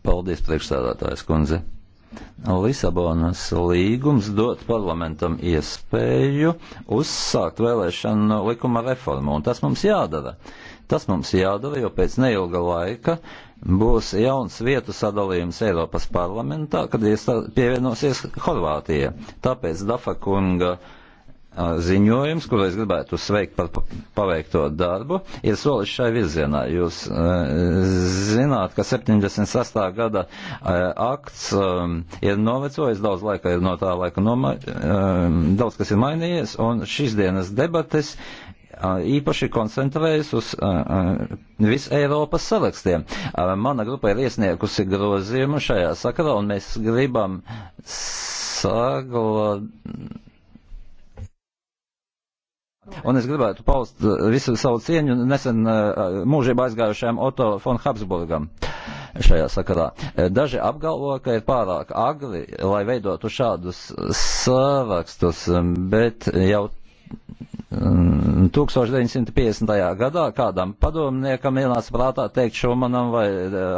Paldies, priekšstādātājs kundze. Lisabonas līgums dot parlamentam iespēju uzsākt vēlēšanu likuma reformu, un tas mums jādara. Tas mums jādara, jo pēc neilga laika būs jauns vietu sadalījums Eiropas parlamentā, kad pievienosies Horvātija. Tāpēc Dafa kunga uh, ziņojums, kur es gribētu sveikt par paveikto darbu, ir solis šai virzienā. Jūs eh, zināt, ka 76. gada eh, akts um, ir novecojis, daudz laika ir no tā laika noma, um, daudz kas ir mainījies, un šīs dienas debates īpaši koncentrējas uz uh, visu Eiropas sarakstiem. Uh, mana grupa ir iesniegusi grozījumu šajā sakarā, un mēs gribam saglabāt Un es gribētu paust uh, visu savu cieņu nesen uh, mūžībā aizgājušajam Otto von Habsburgam šajā sakarā. Uh, daži apgalvo, ka ir pārāk agri, lai veidotu šādus sārakstus, um, bet jau 1950. Um, gadā kādam padomniekam ienāca prātā teikt Šumanam vai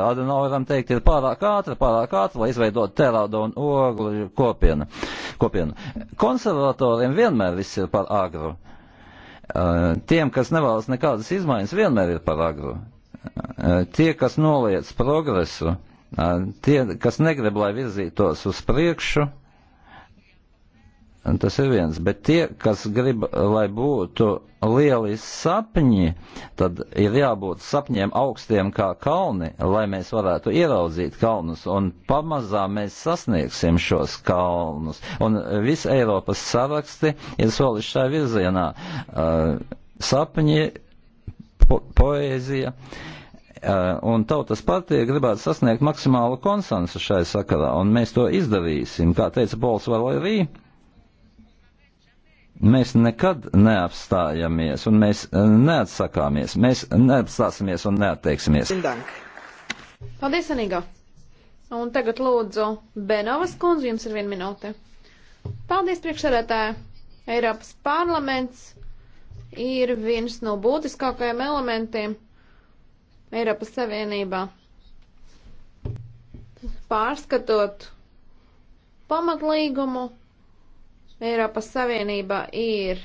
Adenaueram teikt, ir pārāk ātri, pārāk ātri, lai izveidot terādu un ogļu kopienu. kopienu. Konservatoriem vienmēr viss ir par agru. Uh, Eh, tiem, kas nevēlas nekādas izmaiņas, vienmēr ir par agru. Eh, tie, kas noliec progresu, eh, tie, kas negrib, lai virzītos uz priekšu, Un tas ir viens, bet tie, kas grib, lai būtu lieli sapņi, tad ir jābūt sapņiem augstiem kā kalni, lai mēs varētu ieraudzīt kalnus, un pamazām mēs sasniegsim šos kalnus. Un visi Eiropas saraksti ir solis šai virzienā. Uh, sapņi, po poēzija. Uh, un tautas partija gribētu sasniegt maksimālu konsensu šai sakarā, un mēs to izdarīsim, kā teica Pols Valērija Mēs nekad neapstājamies un mēs eh, neatsakāmies. Mēs neapstāsimies un neatteiksimies. Paldies, Anīga! Un tagad lūdzu Benovas kundzi, jums ir viena minūte. Paldies, priekšsēdētāji! Eiropas parlaments ir viens no būtiskākajiem elementiem Eiropas Savienībā. Pārskatot pamatlīgumu, Eiropas Savienība ir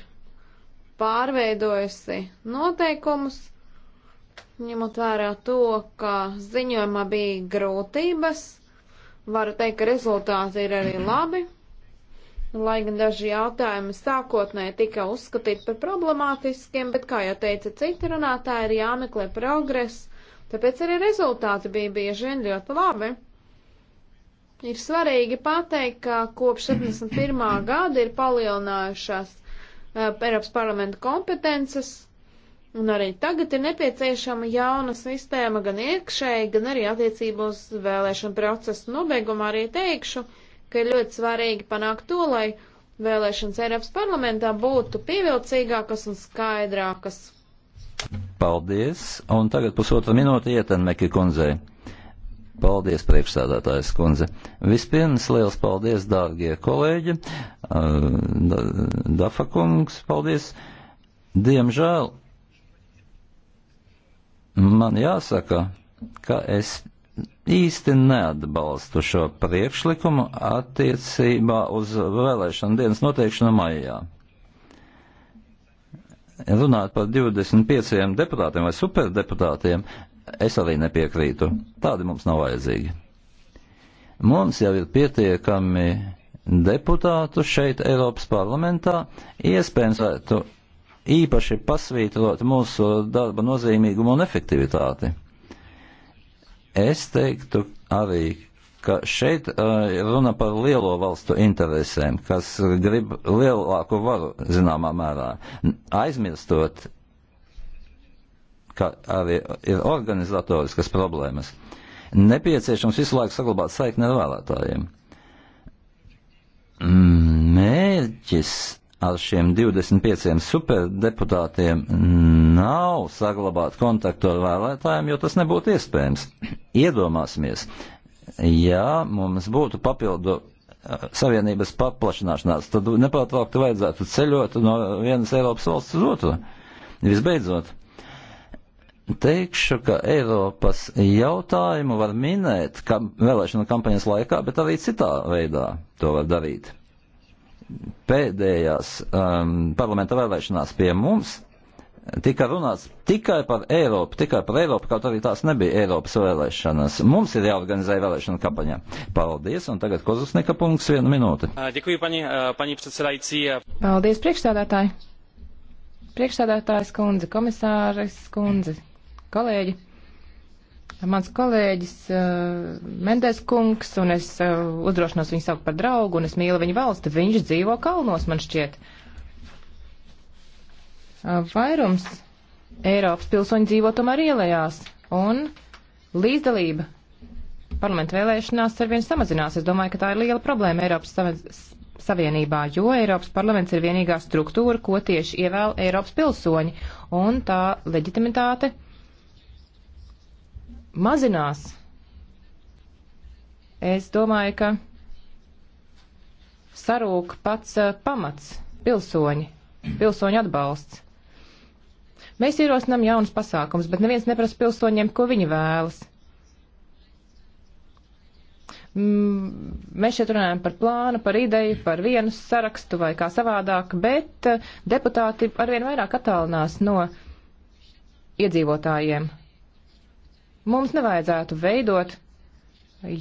pārveidojusi noteikumus, ņemot vērā to, ka ziņojumā bija grūtības. Varu teikt, ka rezultāti ir arī labi, lai gan daži jautājumi sākotnēji tika uzskatīti par problemātiskiem, bet, kā jau teica citi runātāji, ir jāmeklē progress, tāpēc arī rezultāti bija bieži vien ļoti labi. Ir svarīgi pateikt, ka kopš 71. gada ir palielinājušās eh, Eiropas parlamenta kompetences, un arī tagad ir nepieciešama jauna sistēma gan iekšēji, gan arī attiecībos vēlēšanu procesu. Nobeigumā arī teikšu, ka ir ļoti svarīgi panākt to, lai vēlēšanas Eiropas parlamentā būtu pievilcīgākas un skaidrākas. Paldies, un tagad pusotra minūte ietenmeki kundzei. Paldies, priekšsādātājs kundze. Vispirms liels paldies, dārgie kolēģi, Dafa kungs, paldies. Diemžēl man jāsaka, ka es īsti neatbalstu šo priekšlikumu attiecībā uz vēlēšanu dienas noteikšanu maijā. Runāt par 25 deputātiem vai superdeputātiem, Es arī nepiekrītu. Tādi mums nav vajadzīgi. Mums jau ir pietiekami deputātu šeit Eiropas parlamentā, iespējams, varētu īpaši pasvītrot mūsu darba nozīmīgumu un efektivitāti. Es teiktu arī, ka šeit uh, runa par lielo valstu interesēm, kas grib lielāku varu zināmā mērā, aizmirstot ka arī ir organizatoriskas problēmas. Nepieciešams visu laiku saglabāt saikni ar vēlētājiem. Mērķis ar šiem 25 superdeputātiem nav saglabāt kontaktu ar vēlētājiem, jo tas nebūtu iespējams. Iedomāsimies, ja mums būtu papildu eh, savienības paplašināšanās, tad nepārtraukti vajadzētu ceļot no vienas Eiropas valsts uz otru. Visbeidzot, teikšu, ka Eiropas jautājumu var minēt kam, vēlēšana kampaņas laikā, bet arī citā veidā to var darīt. Pēdējās um, parlamenta vēlēšanās pie mums tika runāts tikai par Eiropu, tikai par Eiropu, kaut arī tās nebija Eiropas vēlēšanas. Mums ir jāorganizē vēlēšana kampaņā. Paldies, un tagad Kozusnika punkts vienu minūti. Ďakuju, paņi, paņi Paldies, priekšstādātāji! Priekšstādātājs kundze, komisāris kundze, kolēģi. Mans kolēģis uh, Mendes kungs, un es uh, uzdrošinos viņu saukt par draugu, un es mīlu viņa valsti. Viņš dzīvo kalnos, man šķiet. Uh, vairums Eiropas pilsoņu dzīvo tomēr ielējās, un līdzdalība parlamentu vēlēšanās arvien samazinās. Es domāju, ka tā ir liela problēma Eiropas Savienībā, jo Eiropas parlaments ir vienīgā struktūra, ko tieši ievēl Eiropas pilsoņi, un tā leģitimitāte mazinās, es domāju, ka sarūk pats uh, pamats pilsoņi, pilsoņu atbalsts. Mēs ierosinām jaunus pasākums, bet neviens neprasa pilsoņiem, ko viņi vēlas. Mm, mēs šeit runājam par plānu, par ideju, par vienu sarakstu vai kā savādāk, bet uh, deputāti arvien vairāk attālinās no iedzīvotājiem, Mums nevajadzētu veidot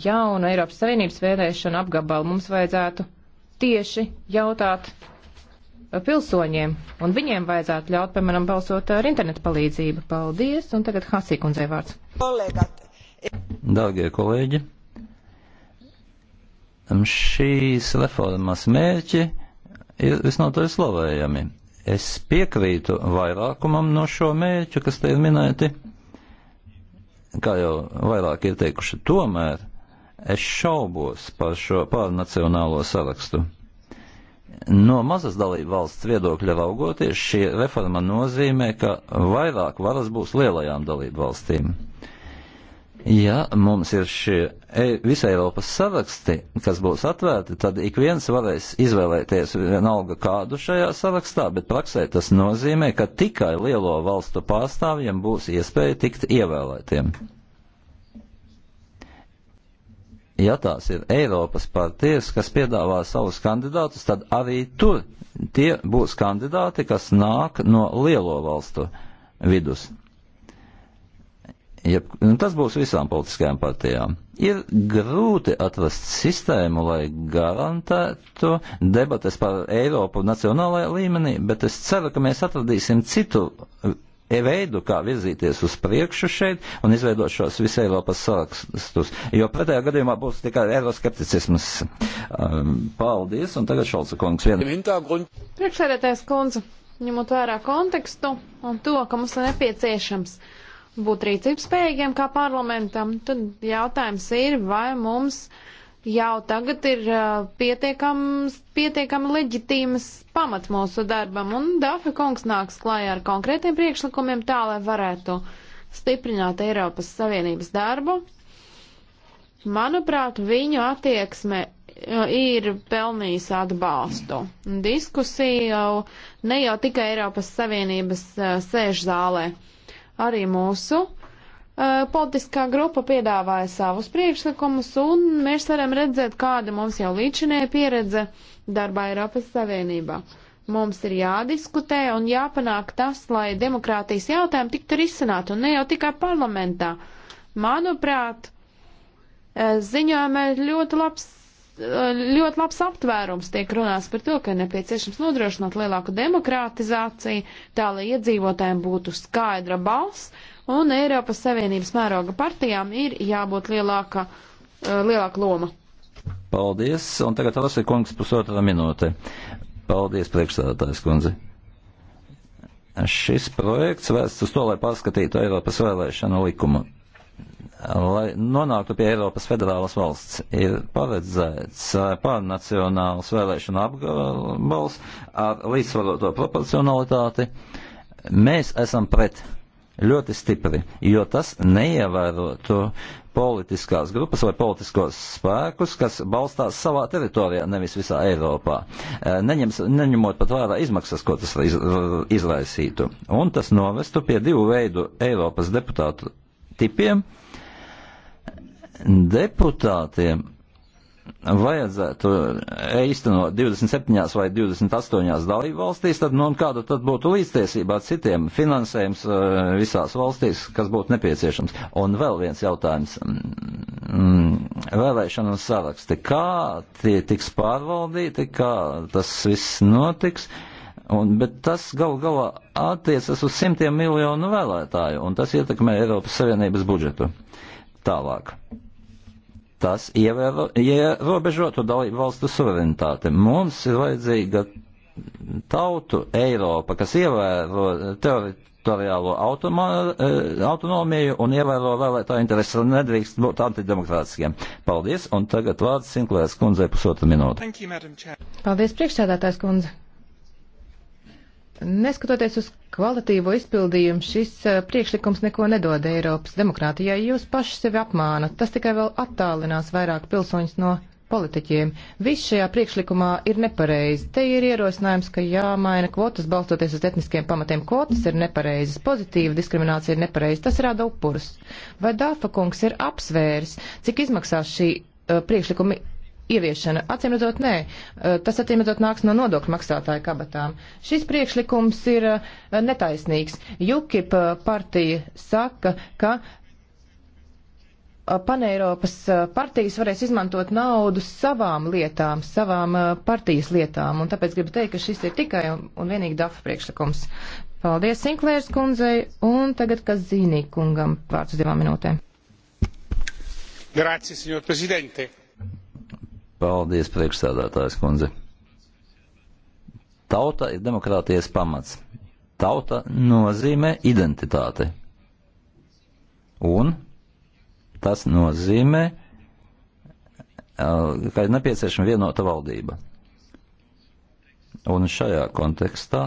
jaunu Eiropas Savienības vēlēšanu apgabalu. Mums vajadzētu tieši jautāt uh, pilsoņiem, un viņiem vajadzētu ļaut, piemēram, balsot ar internetu palīdzību. Paldies, un tagad Hasīkundzei vārds. Kolēgat. Dārgie kolēģi, um, šīs reformas mērķi ir visnotaļ slavējami. Es piekrītu vairākumam no šo mērķu, kas te ir minēti, kā jau vairāk ir teikuši, tomēr es šaubos par šo pārnacionālo sarakstu. No mazas dalību valsts viedokļa raugoties, šī reforma nozīmē, ka vairāk varas būs lielajām dalību valstīm. Ja mums ir šie E, visai Eiropas saraksti, kas būs atvērti, tad ik viens varēs izvēlēties vienalga kādu šajā sarakstā, bet praksē tas nozīmē, ka tikai lielo valstu pārstāvjiem būs iespēja tikt ievēlētiem. Ja tās ir Eiropas partijas, kas piedāvā savus kandidātus, tad arī tur tie būs kandidāti, kas nāk no lielo valstu vidus. Ja, nu, tas būs visām politiskajām partijām. Ir grūti atrast sistēmu, lai garantētu debates par Eiropu nacionālajā līmenī, bet es ceru, ka mēs atradīsim citu eh, veidu, kā virzīties uz priekšu šeit un izveidot šos visu Eiropas sarakstus, jo pretējā gadījumā būs tikai eiroskepticisms. Um, paldies, un tagad Šolca kungs vien. Priekšsēdētājs kundze, ņemot vērā kontekstu un to, ka mums ir nepieciešams būt rīcības spējīgiem kā parlamentam, tad jautājums ir, vai mums jau tagad ir uh, pietiekami leģitīmas pamats mūsu darbam, un Dafa kungs nāks klājā ar konkrētiem priekšlikumiem tā, lai varētu stiprināt Eiropas Savienības darbu. Manuprāt, viņu attieksme uh, ir pelnījis atbalstu. Diskusija jau ne jau tikai Eiropas Savienības uh, sēž zālē. Arī mūsu uh, politiskā grupa piedāvāja savus priekšlikumus, un mēs varam redzēt, kāda mums jau līdšanē pieredze darbā Eiropas Savienībā. Mums ir jādiskutē un jāpanāk tas, lai demokrātijas jautājumi tiktu risināti, un ne jau tikai parlamentā. Manuprāt, eh, ziņojumā ir ļoti labs ļoti labs aptvērums tiek runāts par to, ka ir nepieciešams nodrošināt lielāku demokrātizāciju, tā lai iedzīvotājiem būtu skaidra balss, un Eiropas Savienības mēroga partijām ir jābūt lielāka, eh, lielāka loma. Paldies, un tagad tas ir kungs pusotrā minūte. Paldies, priekšstādātājs kundze. Šis projekts vērsts uz to, lai pārskatītu Eiropas vēlēšanu likumu lai nonāktu pie Eiropas federālas valsts, ir paredzēts uh, pārnacionāls vēlēšana apgabals ar līdzsvaroto proporcionalitāti. Mēs esam pret ļoti stipri, jo tas neievērotu politiskās grupas vai politiskos spēkus, kas balstās savā teritorijā, nevis visā Eiropā, uh, Neņems, neņemot pat vērā izmaksas, ko tas iz, izraisītu. Un tas novestu pie divu veidu Eiropas deputātu tipiem, uh, deputātiem vajadzētu īstenot 27 vai 28 dalību valstīs, tad, nu, un kāda tad būtu līdztiesība ar citiem finansējums eh, visās valstīs, kas būtu nepieciešams. Un vēl viens jautājums. Mm, vēlēšanu saraksti. Kā tie tiks pārvaldīti, kā tas viss notiks? Un, bet tas gal galā attiecas uz simtiem miljonu vēlētāju, un tas ietekmē Eiropas Savienības budžetu. Tālāk tas ievēro, ierobežotu dalību valstu suverenitāti. Mums ir vajadzīga tautu Eiropa, kas ievēro teritoriālo automa, e, autonomiju un ievēro vēlētāju interesu un nedrīkst būt antidemokrātiskiem. Paldies, un tagad vārds Sinklēs kundzei pusotra minūte. Paldies, priekšsēdētājs kundze. Neskatoties uz kvalitīvo izpildījumu, šis eh, priekšlikums neko nedod Eiropas demokrātijai. Jūs paši sevi apmānat. Tas tikai vēl attālinās vairāk pilsoņus no politiķiem. Viss šajā priekšlikumā ir nepareizi. Te ir ierosinājums, ka jāmaina kvotas balstoties uz etniskiem pamatiem. Kvotas ir nepareizas, pozitīva diskriminācija ir nepareiza. Tas rada upurus. Vai Dāfa kungs ir apsvēris, cik izmaksās šī uh, eh, priekšlikuma ieviešana. Acīmredzot, nē, tas acīmredzot nāks no nodokļu maksātāju kabatām. Šis priekšlikums ir netaisnīgs. UKIP partija saka, ka Paneiropas partijas varēs izmantot naudu savām lietām, savām partijas lietām, un tāpēc gribu teikt, ka šis ir tikai un vienīgi DAF priekšlikums. Paldies Sinklērs kundzei, un tagad Kazīnī kungam vārds divām minūtēm. Grazie, signor Presidente. Paldies, priekšstādātājs kundze. Tauta ir demokrātijas pamats. Tauta nozīmē identitāti. Un tas nozīmē, uh, ka ir nepieciešama vienota valdība. Un šajā kontekstā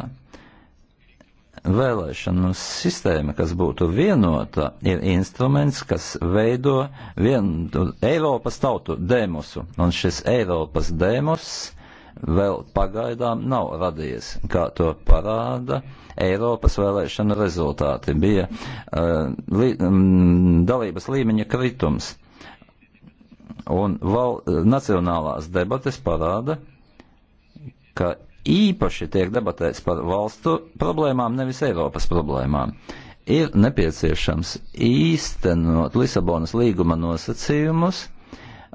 Vēlēšanu sistēma, kas būtu vienota, ir instruments, kas veido vienu Eiropas tautu demosu, un šis Eiropas demos vēl pagaidām nav radies, kā to parāda Eiropas vēlēšana rezultāti. Bija uh, li, um, dalības līmeņa kritums, un val, eh, nacionālās debates parāda, ka īpaši tiek debatēts par valstu problēmām, nevis Eiropas problēmām. Ir nepieciešams īstenot Lisabonas līguma nosacījumus,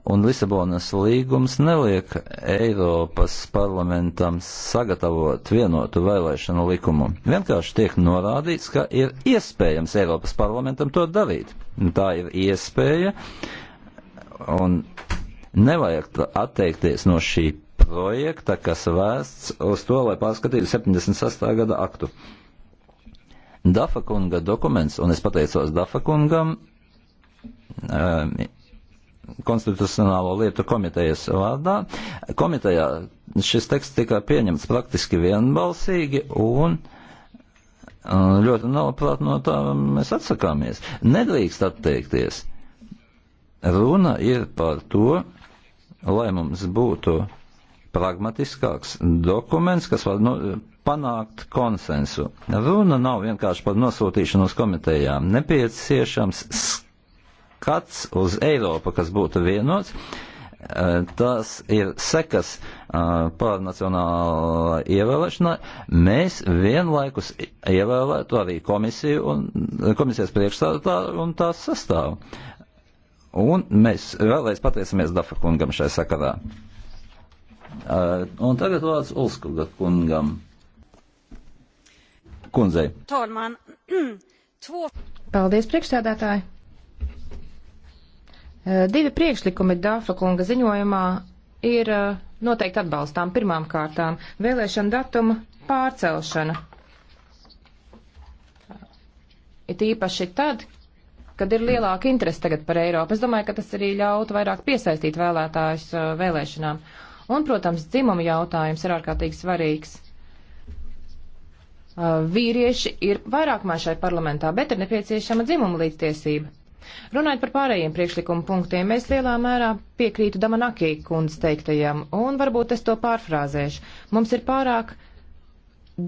un Lisabonas līgums neliek Eiropas parlamentam sagatavot vienotu vēlēšanu likumu. Vienkārši tiek norādīts, ka ir iespējams Eiropas parlamentam to darīt. Tā ir iespēja, un nevajag atteikties no šī projekta, kas vērsts uz to, lai pārskatītu 76. gada aktu. Dafa kunga dokuments, un es pateicos Dafa kungam, um, konstitucionālo lietu komitejas vārdā. Komitejā šis teksts tika pieņemts praktiski vienbalsīgi un uh, ļoti nelabprāt no tā mēs atsakāmies. Nedrīkst atteikties. Runa ir par to, lai mums būtu pragmatiskāks dokuments, kas var no, nu, panākt konsensu. Runa nav vienkārši par nosūtīšanu uz komitejām. Nepieciešams skats uz Eiropu, kas būtu vienots. Eh, tas ir sekas eh, pārnacionālā ievēlēšanā. Mēs vienlaikus ievēlētu arī komisiju un komisijas priekšstādātāju un tās sastāvu. Un mēs vēlreiz pateicamies Dafa kungam šai sakarā. Eh, un tagad vārds Ulskurga kungam. Kundzei. Tolman. Paldies, priekšsēdētāji. Eh, divi priekšlikumi Dāfra kunga ziņojumā ir eh, noteikti atbalstām pirmām kārtām - vēlēšana datuma pārcelšana. It īpaši tad, kad ir lielāka interese tagad par Eiropu. Es domāju, ka tas arī ļautu vairāk piesaistīt vēlētājus vēlēšanām. Uh, Un, protams, dzimuma jautājums ir ārkārtīgi svarīgs. Uh, vīrieši ir vairāk šai parlamentā, bet ir nepieciešama dzimuma līdztiesība. Runājot par pārējiem priekšlikumu punktiem, es lielā mērā piekrītu Damanakī kundz teiktajam, un varbūt es to pārfrāzēšu. Mums ir pārāk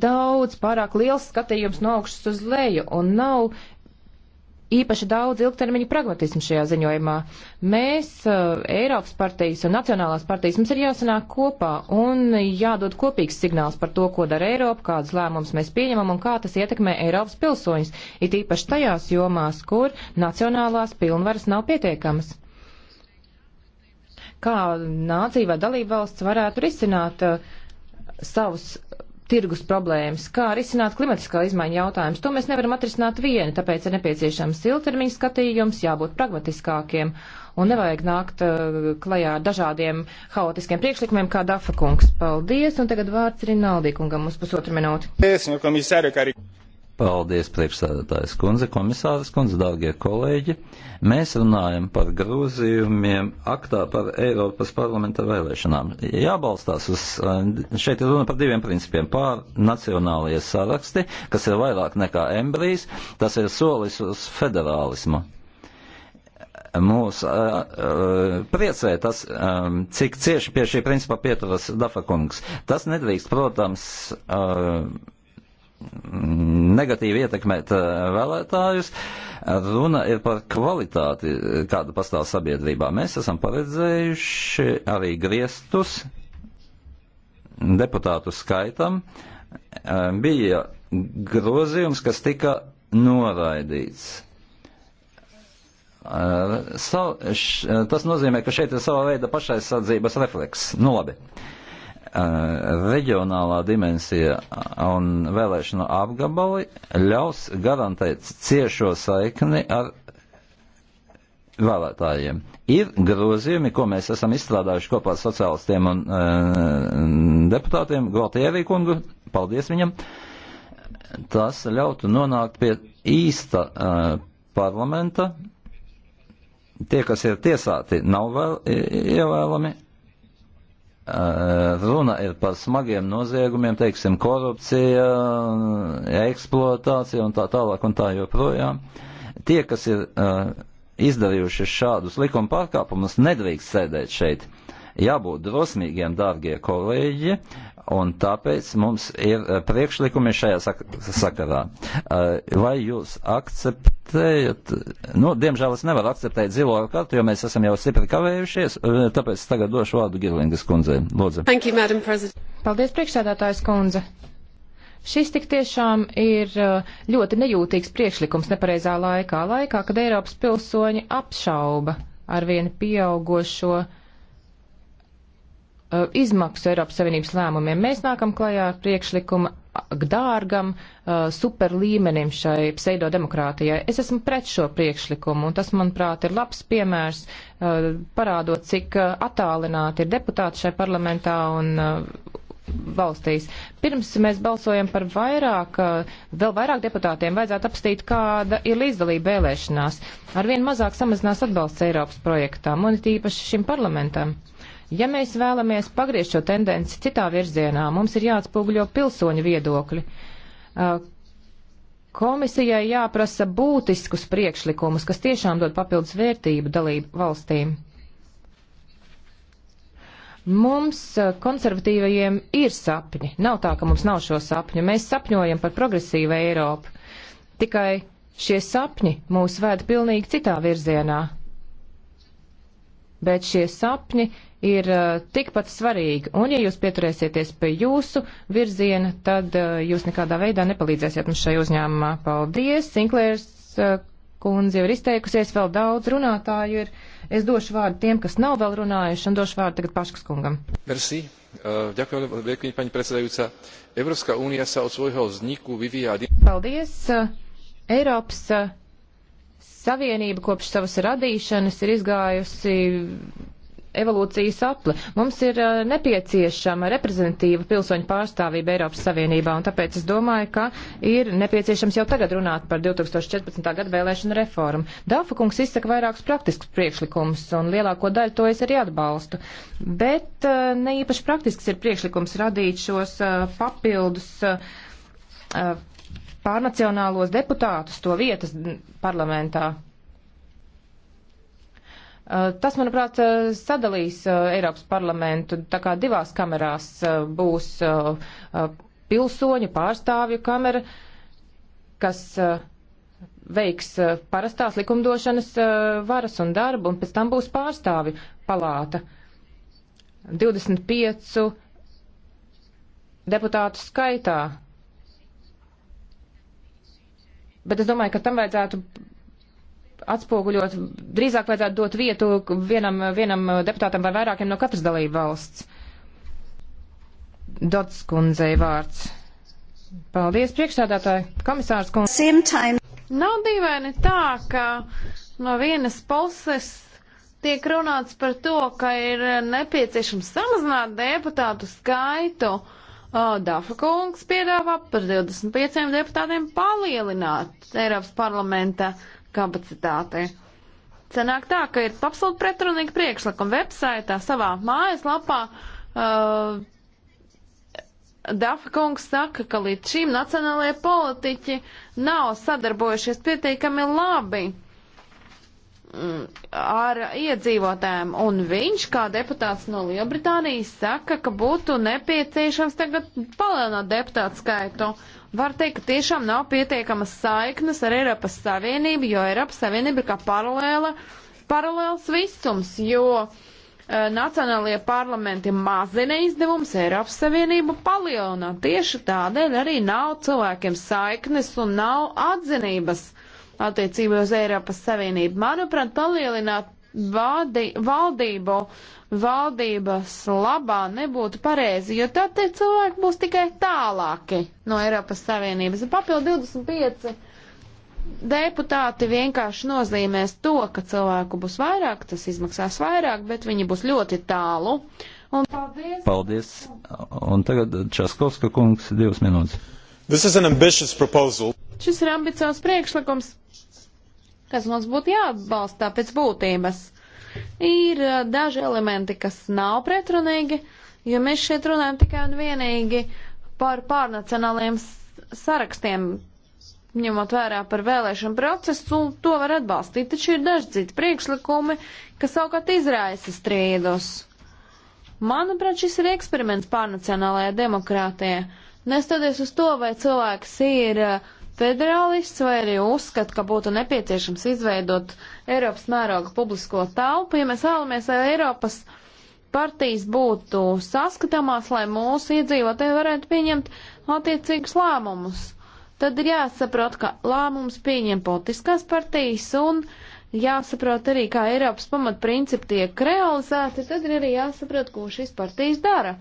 daudz, pārāk liels skatījums no augšas uz leju, un nav īpaši daudz ilgtermiņa pragmatismu šajā ziņojumā. Mēs, uh, Eiropas partijas un Nacionālās partijas, mums ir jāsanāk kopā un jādod kopīgs signāls par to, ko dara Eiropa, kādas lēmumus mēs pieņemam un kā tas ietekmē Eiropas pilsoņus, it īpaši tajās jomās, kur nacionālās pilnvaras nav pietiekamas. Kā nācija vai dalība valsts varētu risināt uh, savus tirgus problēmas, kā risināt klimatiskā izmaiņa jautājumus. To mēs nevaram atrisināt vieni, tāpēc ir nepieciešams ilgtermiņa skatījums, jābūt pragmatiskākiem un nevajag nākt uh, klajā ar dažādiem haotiskiem priekšlikumiem, kā Dafa kungs. Paldies, un tagad vārds Rinaldī kungam uz pusotru minūti. Paldies, Paldies, priekšsēdētājs kundze, komisāras kundze, dārgie kolēģi. Mēs runājam par grozījumiem aktā par Eiropas parlamenta vēlēšanām. Jābalstās uz, eh, šeit ir runa par diviem principiem. Pār nacionālajie saraksti, kas ir vairāk nekā embrijs, tas ir solis uz federālismu. Mūs uh, uh, priecē tas, um, cik cieši pie šī principa pieturas Dafakungs. Tas nedrīkst, protams, uh, negatīvi ietekmēt eh, vēlētājus. Runa ir par kvalitāti, eh, kāda pastāv sabiedrībā. Mēs esam paredzējuši arī griestus deputātu skaitam. Eh, bija grozījums, kas tika noraidīts. Sav, š, tas nozīmē, ka šeit ir sava veida pašaizsardzības refleks. Nu labi. Uh, reģionālā dimensija un vēlēšanu apgabali ļaus garantēt ciešo saikni ar vēlētājiem. Ir grozījumi, ko mēs esam izstrādājuši kopā ar sociālistiem un e, deputātiem. Galtieri kungu, paldies viņam. Tas ļautu nonākt pie īsta e, parlamenta. Tie, kas ir tiesāti, nav vēl ievēlami, Eh, runa ir par smagiem noziegumiem, teiksim, korupcija, eh, eksploatācija un tā tālāk un tā joprojām. Tie, kas ir uh, izdarījuši šādus likuma pārkāpumus, nedrīkst sēdēt šeit. Jābūt drosmīgiem, dārgie kolēģi, un tāpēc mums ir eh, priekšlikumi šajā sak sakarā. Eh, vai jūs akceptējat, nu, diemžēl es nevaru akceptēt zilo kartu, jo mēs esam jau stipri kavējušies, eh, tāpēc tagad došu vārdu Girlingas kundzei. Lūdzu. Thank you, Madam President. Paldies, priekšsēdētājs kundze. Šis tik tiešām ir ļoti nejūtīgs priekšlikums nepareizā laikā, laikā, kad Eiropas pilsoņi apšauba ar vienu pieaugošo uh, Uh, izmaksu Eiropas Savienības lēmumiem. Mēs nākam klajā ar priekšlikumu dārgam uh, super līmenim šai pseidodemokrātijai. Es esmu pret šo priekšlikumu, un tas, manuprāt, ir labs piemērs, uh, parādot, cik attālināti ir deputāti šai parlamentā un valstīs. Pirms mēs balsojam par vairāk, vēl vairāk deputātiem vajadzētu apstīt, kāda ir līdzdalība vēlēšanās. Arvien mazāk samazinās atbalsts Eiropas projektām un tīpaši šim parlamentam. Ja mēs vēlamies pagriezt šo tendenci citā virzienā, mums ir jāatspoguļo pilsoņu viedokļi. Uh, komisijai jāprasa būtiskus priekšlikumus, kas tiešām dod papildus vērtību dalību valstīm. Mums, uh, konservatīvajiem, ir sapņi. Nav tā, ka mums nav šo sapņu. Mēs sapņojam par progresīvu Eiropu. Tikai šie sapņi mūs vēd pilnīgi citā virzienā. Bet šie sapņi uh, ir uh, tikpat svarīga. Un ja jūs pieturēsieties pie jūsu virziena, tad uh, jūs nekādā veidā nepalīdzēsiet mums šai uzņēmumā. Paldies! Sinklērs uh, kundze jau ir izteikusies, vēl daudz runātāju ir. Es došu vārdu tiem, kas nav vēl runājuši, un došu vārdu tagad Paškas kungam. Merci. Uh, ďakujem veľmi, pani predsedajúca. Európska únia sa od svojho vzniku vyvíja... Paldies. Eiropas uh, Savienība kopš savas radīšanas ir izgājusi evolūcijas apli. Mums ir eh, nepieciešama reprezentatīva pilsoņu pārstāvība Eiropas Savienībā, un tāpēc es domāju, ka ir nepieciešams jau tagad runāt par 2014. gada vēlēšanu reformu. Dāfa kungs izsaka vairākus praktiskus priekšlikumus, un lielāko daļu to es arī atbalstu. Bet eh, ne īpaši praktisks ir priekšlikums radīt šos eh, papildus pārnacionālos deputātus to vietas parlamentā. Eh, tas, manuprāt, eh, sadalīs eh, Eiropas parlamentu tā kā divās kamerās būs pilsoņu pārstāvju kamera, kas veiks parastās likumdošanas varas un darbu, un pēc tam būs pārstāvju palāta. 25 deputātu skaitā. Bet es domāju, ka tam vajadzētu atspoguļot, drīzāk vajadzētu dot vietu vienam, vienam deputātam vai vairākiem no katras dalība valsts. Dots kundzei vārds. Paldies, priekšstādātāji, komisārs kundze. Nav dīvaini tā, ka no vienas puses tiek runāts par to, ka ir nepieciešams samazināt deputātu skaitu. Dafa kungs piedāvā par 25 deputātiem palielināt Eiropas parlamenta uh, kapacitātei. Cenāk tā, ka ir absolūti pretrunīgi priekšlikumi websaitā, savā mājaslapā. Uh, Dafa kungs saka, ka līdz šim nacionālajie politiķi nav sadarbojušies pietiekami labi Mm, ar iedzīvotājiem, un viņš, kā deputāts no Lielbritānijas, saka, ka būtu nepieciešams tagad palielināt deputātu skaitu. Var teikt, ka tiešām nav pietiekamas saiknes ar Eiropas Savienību, jo Eiropas Savienība ir kā paralēla, paralēls visums, jo e, eh, nacionālajie parlamenti mazina izdevums, Eiropas Savienība palielina. Tieši tādēļ arī nav cilvēkiem saiknes un nav atzinības attiecībā uz Eiropas Savienību. Manuprāt, palielināt vādi, valdību valdības labā nebūtu pareizi, jo tad tie cilvēki būs tikai tālāki no Eiropas Savienības. Papildu 25 deputāti vienkārši nozīmēs to, ka cilvēku būs vairāk, tas izmaksās vairāk, bet viņi būs ļoti tālu. Un paldies! Paldies! Un tagad Časkovska kungs divas minūtes. Šis ir ambiciozs priekšlikums kas mums būtu jāatbalsta pēc būtības. Ir daži elementi, kas nav pretrunīgi, jo mēs šeit runājam tikai un vienīgi par pārnacionāliem sarakstiem, ņemot vērā par vēlēšanu procesu, un to var atbalstīt. Taču ir daži citi priekšlikumi, kas savukārt izraisa strīdus. Manuprāt, šis ir eksperiments pārnacionālajā demokrātijā. Nestoties uz to, vai cilvēks ir uh, federālists vai arī uzskata, ka būtu nepieciešams izveidot Eiropas mēroga publisko telpu, ja mēs vēlamies, lai Eiropas partijas būtu saskatāmās, lai mūsu iedzīvotāji varētu pieņemt attiecīgus lēmumus. Tad ir jāsaprot, ka lēmums pieņem politiskās partijas un jāsaprot arī, kā Eiropas pamatprincipi tiek realizēti, tad ir arī jāsaprot, ko šīs partijas dara.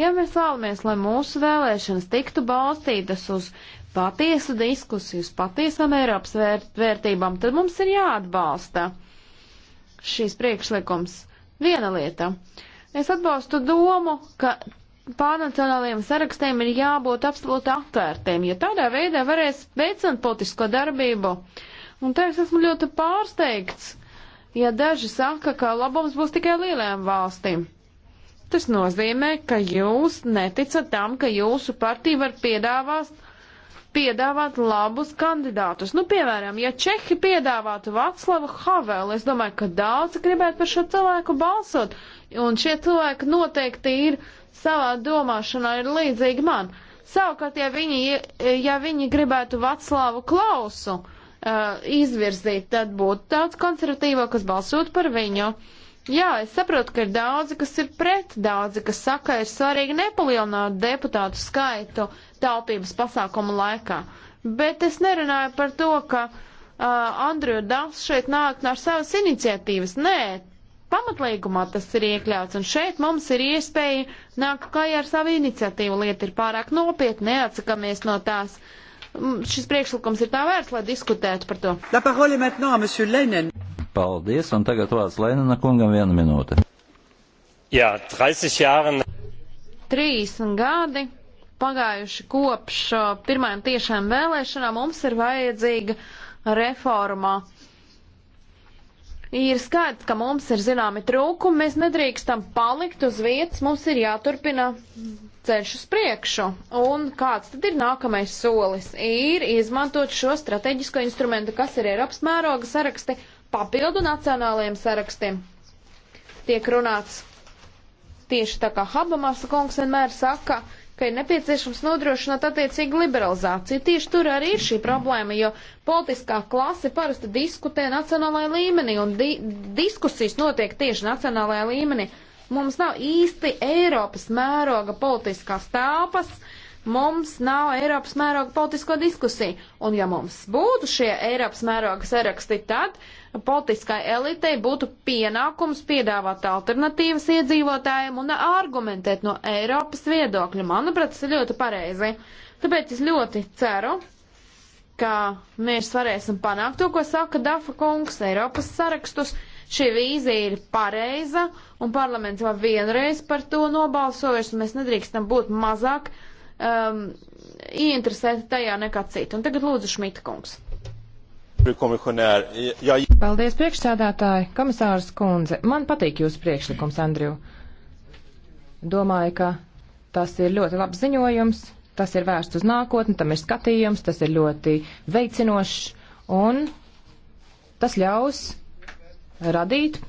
Ja mēs vēlamies, lai mūsu vēlēšanas tiktu balstītas uz patiesu diskusiju, patiesam Eiropas vērt, vērtībām, tad mums ir jāatbalsta šīs priekšlikums. Viena lieta. Es atbalstu domu, ka pārnacionālajiem sarakstiem ir jābūt absolūti atvērtiem, ja tādā veidā varēs veicināt politisko darbību. Un te es esmu ļoti pārsteigts, ja daži saka, ka labums būs tikai lielajām valstīm. Tas nozīmē, ka jūs neticat tam, ka jūsu partija var piedāvāt piedāvāt labus kandidātus. Nu, piemēram, ja Čehi piedāvātu Vaclavu Havelu, es domāju, ka daudzi gribētu par šo cilvēku balsot, un šie cilvēki noteikti ir savā domāšanā ir līdzīgi man. Savukārt, ja viņi, ja viņi gribētu Vaclavu Klausu uh, izvirzīt, tad būtu daudz konservatīvāk, kas balsot par viņu. Jā, es saprotu, ka ir daudzi, kas ir pret, daudzi, kas saka, ir svarīgi nepalielināt deputātu skaitu, taupības pasākumu laikā. Bet es nerunāju par to, ka uh, Andriju Dafs šeit nāk ar savas iniciatīvas. Nē, pamatlīgumā tas ir iekļauts, un šeit mums ir iespēja nākt klajā ar savu iniciatīvu. Lieta ir pārāk nopietna, neatsakamies no tās. Mm, šis priekšlikums ir tā vērts, lai diskutētu par to. Paldies, un tagad vārds Lenina kungam viena minūte. Jā, 30 jāra. 30 gadi pagājuši kopš pirmajām tiešām vēlēšanām, mums ir vajadzīga reforma. Ir skaidrs, ka mums ir zināmi trūkumi, mēs nedrīkstam palikt uz vietas, mums ir jāturpina ceļš uz priekšu. Un kāds tad ir nākamais solis? Ir izmantot šo strateģisko instrumentu, kas ir Eiropas mēroga saraksti, papildu nacionālajiem sarakstiem. Tiek runāts tieši tā kā Habamasa kungs vienmēr saka, uh, ka ir nepieciešams nodrošināt attiecīgu liberalizāciju. Tieši tur arī ir šī problēma, jo politiskā klase parasti diskutē nacionālajā līmenī un di diskusijas notiek tieši nacionālajā līmenī. Mums nav īsti Eiropas mēroga politiskās telpas, uh, mums nav Eiropas mēroga politisko diskusiju. Un ja mums būtu šie Eiropas mēroga saraksti, tad politiskai elitei būtu pienākums piedāvāt alternatīvas iedzīvotājiem un argumentēt no Eiropas viedokļa. Manuprāt, tas ir ļoti pareizi. Tāpēc es ļoti ceru, ka mēs varēsim panākt to, ko saka Dafa kungs, Eiropas sarakstus. Šī vīzija ir pareiza, un parlaments jau vienreiz par to nobalsojuši, un mēs nedrīkstam būt mazāk uh, um, ieinteresēti tajā nekā cita. Un tagad lūdzu Šmita kungs. Paldies, priekšsēdētāji, komisārs kundze. Man patīk jūsu priekšlikums, Andriju. Domāju, ka tas ir ļoti labs ziņojums, tas ir vērsts uz nākotni, tam ir skatījums, tas ir ļoti veicinošs un tas ļaus radīt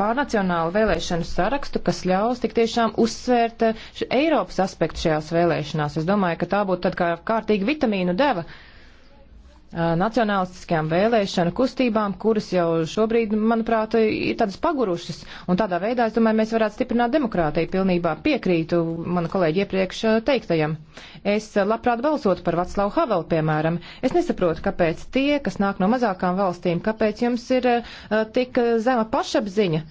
pārnacionālu vēlēšanu sarakstu, kas ļaus tik tiešām uzsvērt eh, Eiropas aspektu šajās vēlēšanās. Es domāju, ka tā būtu tad kā kārtīgi vitamīnu deva uh, nacionālistiskajām vēlēšanu kustībām, kuras jau šobrīd, manuprāt, ir tādas pagurušas. Un tādā veidā, es domāju, mēs varētu stiprināt demokrātiju. Pilnībā piekrītu manu kolēģi iepriekš teiktajam. Es labprāt balsotu par Vaclavu Havelu, piemēram. Es nesaprotu, kāpēc tie, kas nāk no mazākām valstīm, kāpēc jums ir uh, tik zema pašapziņa.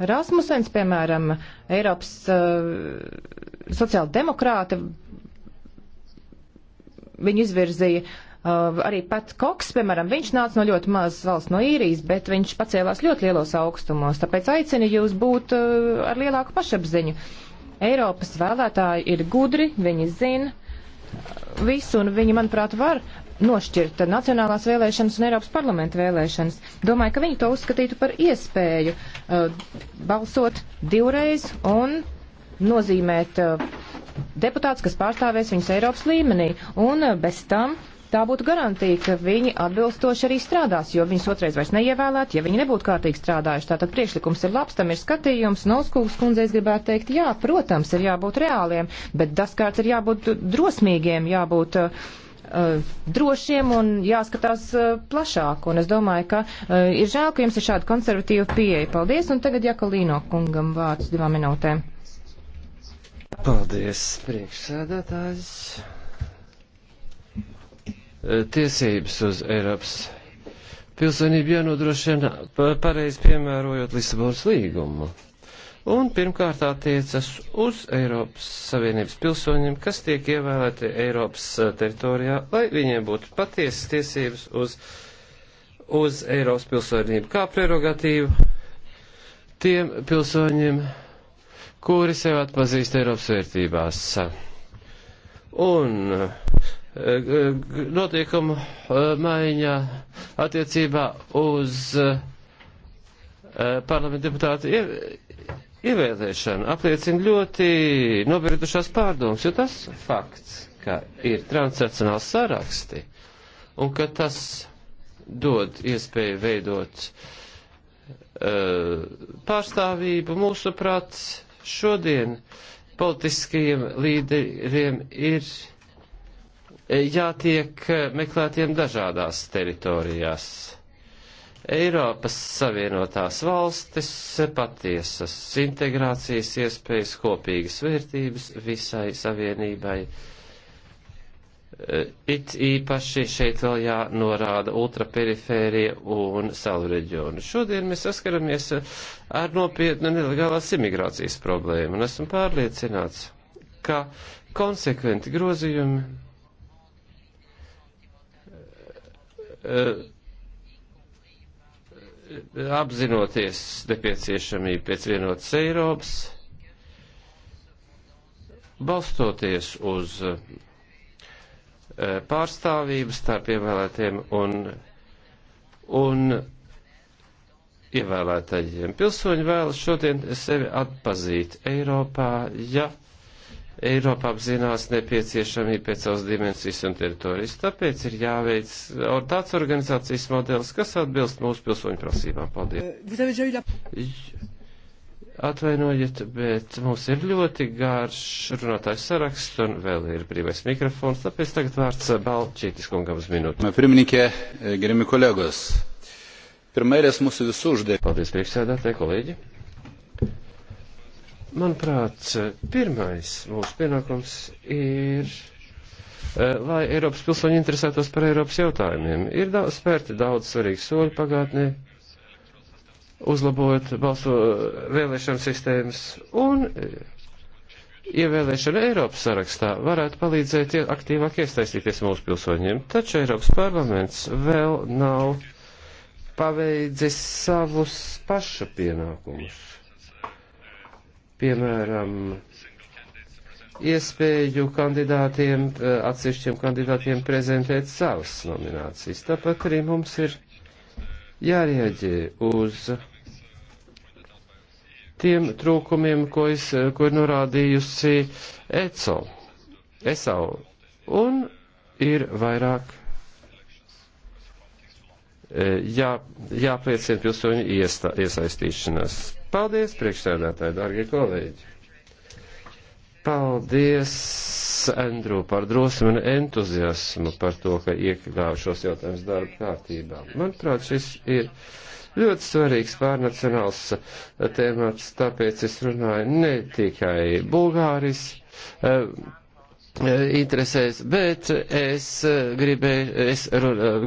Rasmusens, piemēram, Eiropas uh, sociāla demokrāta, viņu izvirzīja uh, Uh, arī pats Koks, piemēram, viņš nāca no ļoti mazas valsts, no īrijas, bet viņš pacēlās ļoti lielos augstumos. Tāpēc aicinu jūs būt uh, ar lielāku pašapziņu. Eiropas vēlētāji ir gudri, viņi zina uh, visu, un viņi, manuprāt, var nošķirt nacionālās vēlēšanas un Eiropas parlamenta vēlēšanas. Domāju, ka viņi to uzskatītu par iespēju uh, balsot divreiz un nozīmēt uh, deputāts, kas pārstāvēs viņus Eiropas līmenī. Un uh, bez tam tā būtu garantija, ka viņi atbilstoši arī strādās, jo viņus otrais vairs neievēlēt, ja viņi nebūtu kārtīgi strādājuši. Tātad priekšlikums ir labs, tam ir skatījums. Noskūgas kundzei es gribētu teikt, jā, protams, ir jābūt reāliem, bet daskārt ir jābūt drosmīgiem, jābūt. Uh, uh, drošiem un jāskatās uh, plašāk, un es domāju, ka uh, ir žēl, ka jums ir šāda konservatīva pieeja. Paldies, un tagad Jakalīno kungam vārds divām minūtēm. Paldies, priekšsēdētājs. E, tiesības uz Eiropas pilsonību jānodrošina pareizi piemērojot Lisabonas līgumu. Un pirmkārt attiecas uz Eiropas Savienības pilsoņiem, kas tiek ievēlēti Eiropas e, teritorijā, lai viņiem būtu patiesas tiesības uz, uz Eiropas pilsonību kā prerogatīvu tiem pilsoņiem, kuri sev atpazīst Eiropas vērtībās. Un notiekumu eh, maiņa attiecībā uz eh, parlamentu deputātu ievēlēšanu apliecina ļoti nobirdušās pārdomas, jo tas fakts, ka ir transnacionāls saraksti un ka tas dod iespēju veidot eh, pārstāvību mūsu prāts šodien politiskajiem līderiem ir jātiek eh, meklētiem dažādās teritorijās. Eiropas Savienotās valstis, patiesas integrācijas iespējas, kopīgas vērtības visai savienībai. Eh, it īpaši šeit vēl jānorāda ultraperifērija un salu reģionu. Šodien mēs saskaramies ar nopietnu nelegālās imigrācijas problēmu un esmu pārliecināts, ka konsekventi grozījumi Eh, apzinoties nepieciešamību pēc vienotas Eiropas, balstoties uz eh, pārstāvības starp ievēlētiem un, un ievēlētajiem. Pilsoņi vēlas šodien sevi atpazīt Eiropā, ja Eiropa apzinās nepieciešamību pēc savas dimensijas un teritorijas. Tāpēc ir jāveic tāds organizācijas modelis, kas atbilst mūsu pilsoņu prasībām. Paldies! Eh, Atvainojiet, bet mums ir ļoti garš runātājs saraksts un vēl ir brīvais mikrofons, tāpēc tagad vārds Balčītis kungam uz minūti. Pirmininkē, gerimi kolegos, pirmais mūsu visu uždevums. Paldies, priekšsēdētāji, kolēģi! Manuprāt, pirmais mūsu pienākums ir, eh, lai Eiropas pilsoņi interesētos par Eiropas jautājumiem. Ir daudz, spērti daudz svarīgi soļi pagātnē, uzlabot balso vēlēšanu sistēmas un eh, ievēlēšana Eiropas sarakstā varētu palīdzēt aktīvāk iesaistīties mūsu pilsoņiem, taču Eiropas parlaments vēl nav paveidzis savus paša pienākumus piemēram, iespēju kandidātiem, eh, atsevišķiem kandidātiem prezentēt savas nominācijas. Tāpat arī mums ir jārieģē uz tiem trūkumiem, ko, es, eh, ko ir norādījusi ECO, ESAU, un ir vairāk eh, jā, jāpliecina pilsoņu iesaistīšanās. Paldies, priekšsēdētāji, dārgie kolēģi! Paldies, Andrū, par drosmi un entuziasmu par to, ka iekļāvu šos jautājumus darba kārtībā. Manuprāt, šis ir ļoti svarīgs pārnacionāls tēmats, tāpēc es runāju ne tikai Bulgārijas eh, E, interesēs, bet es, e, gribē, es e,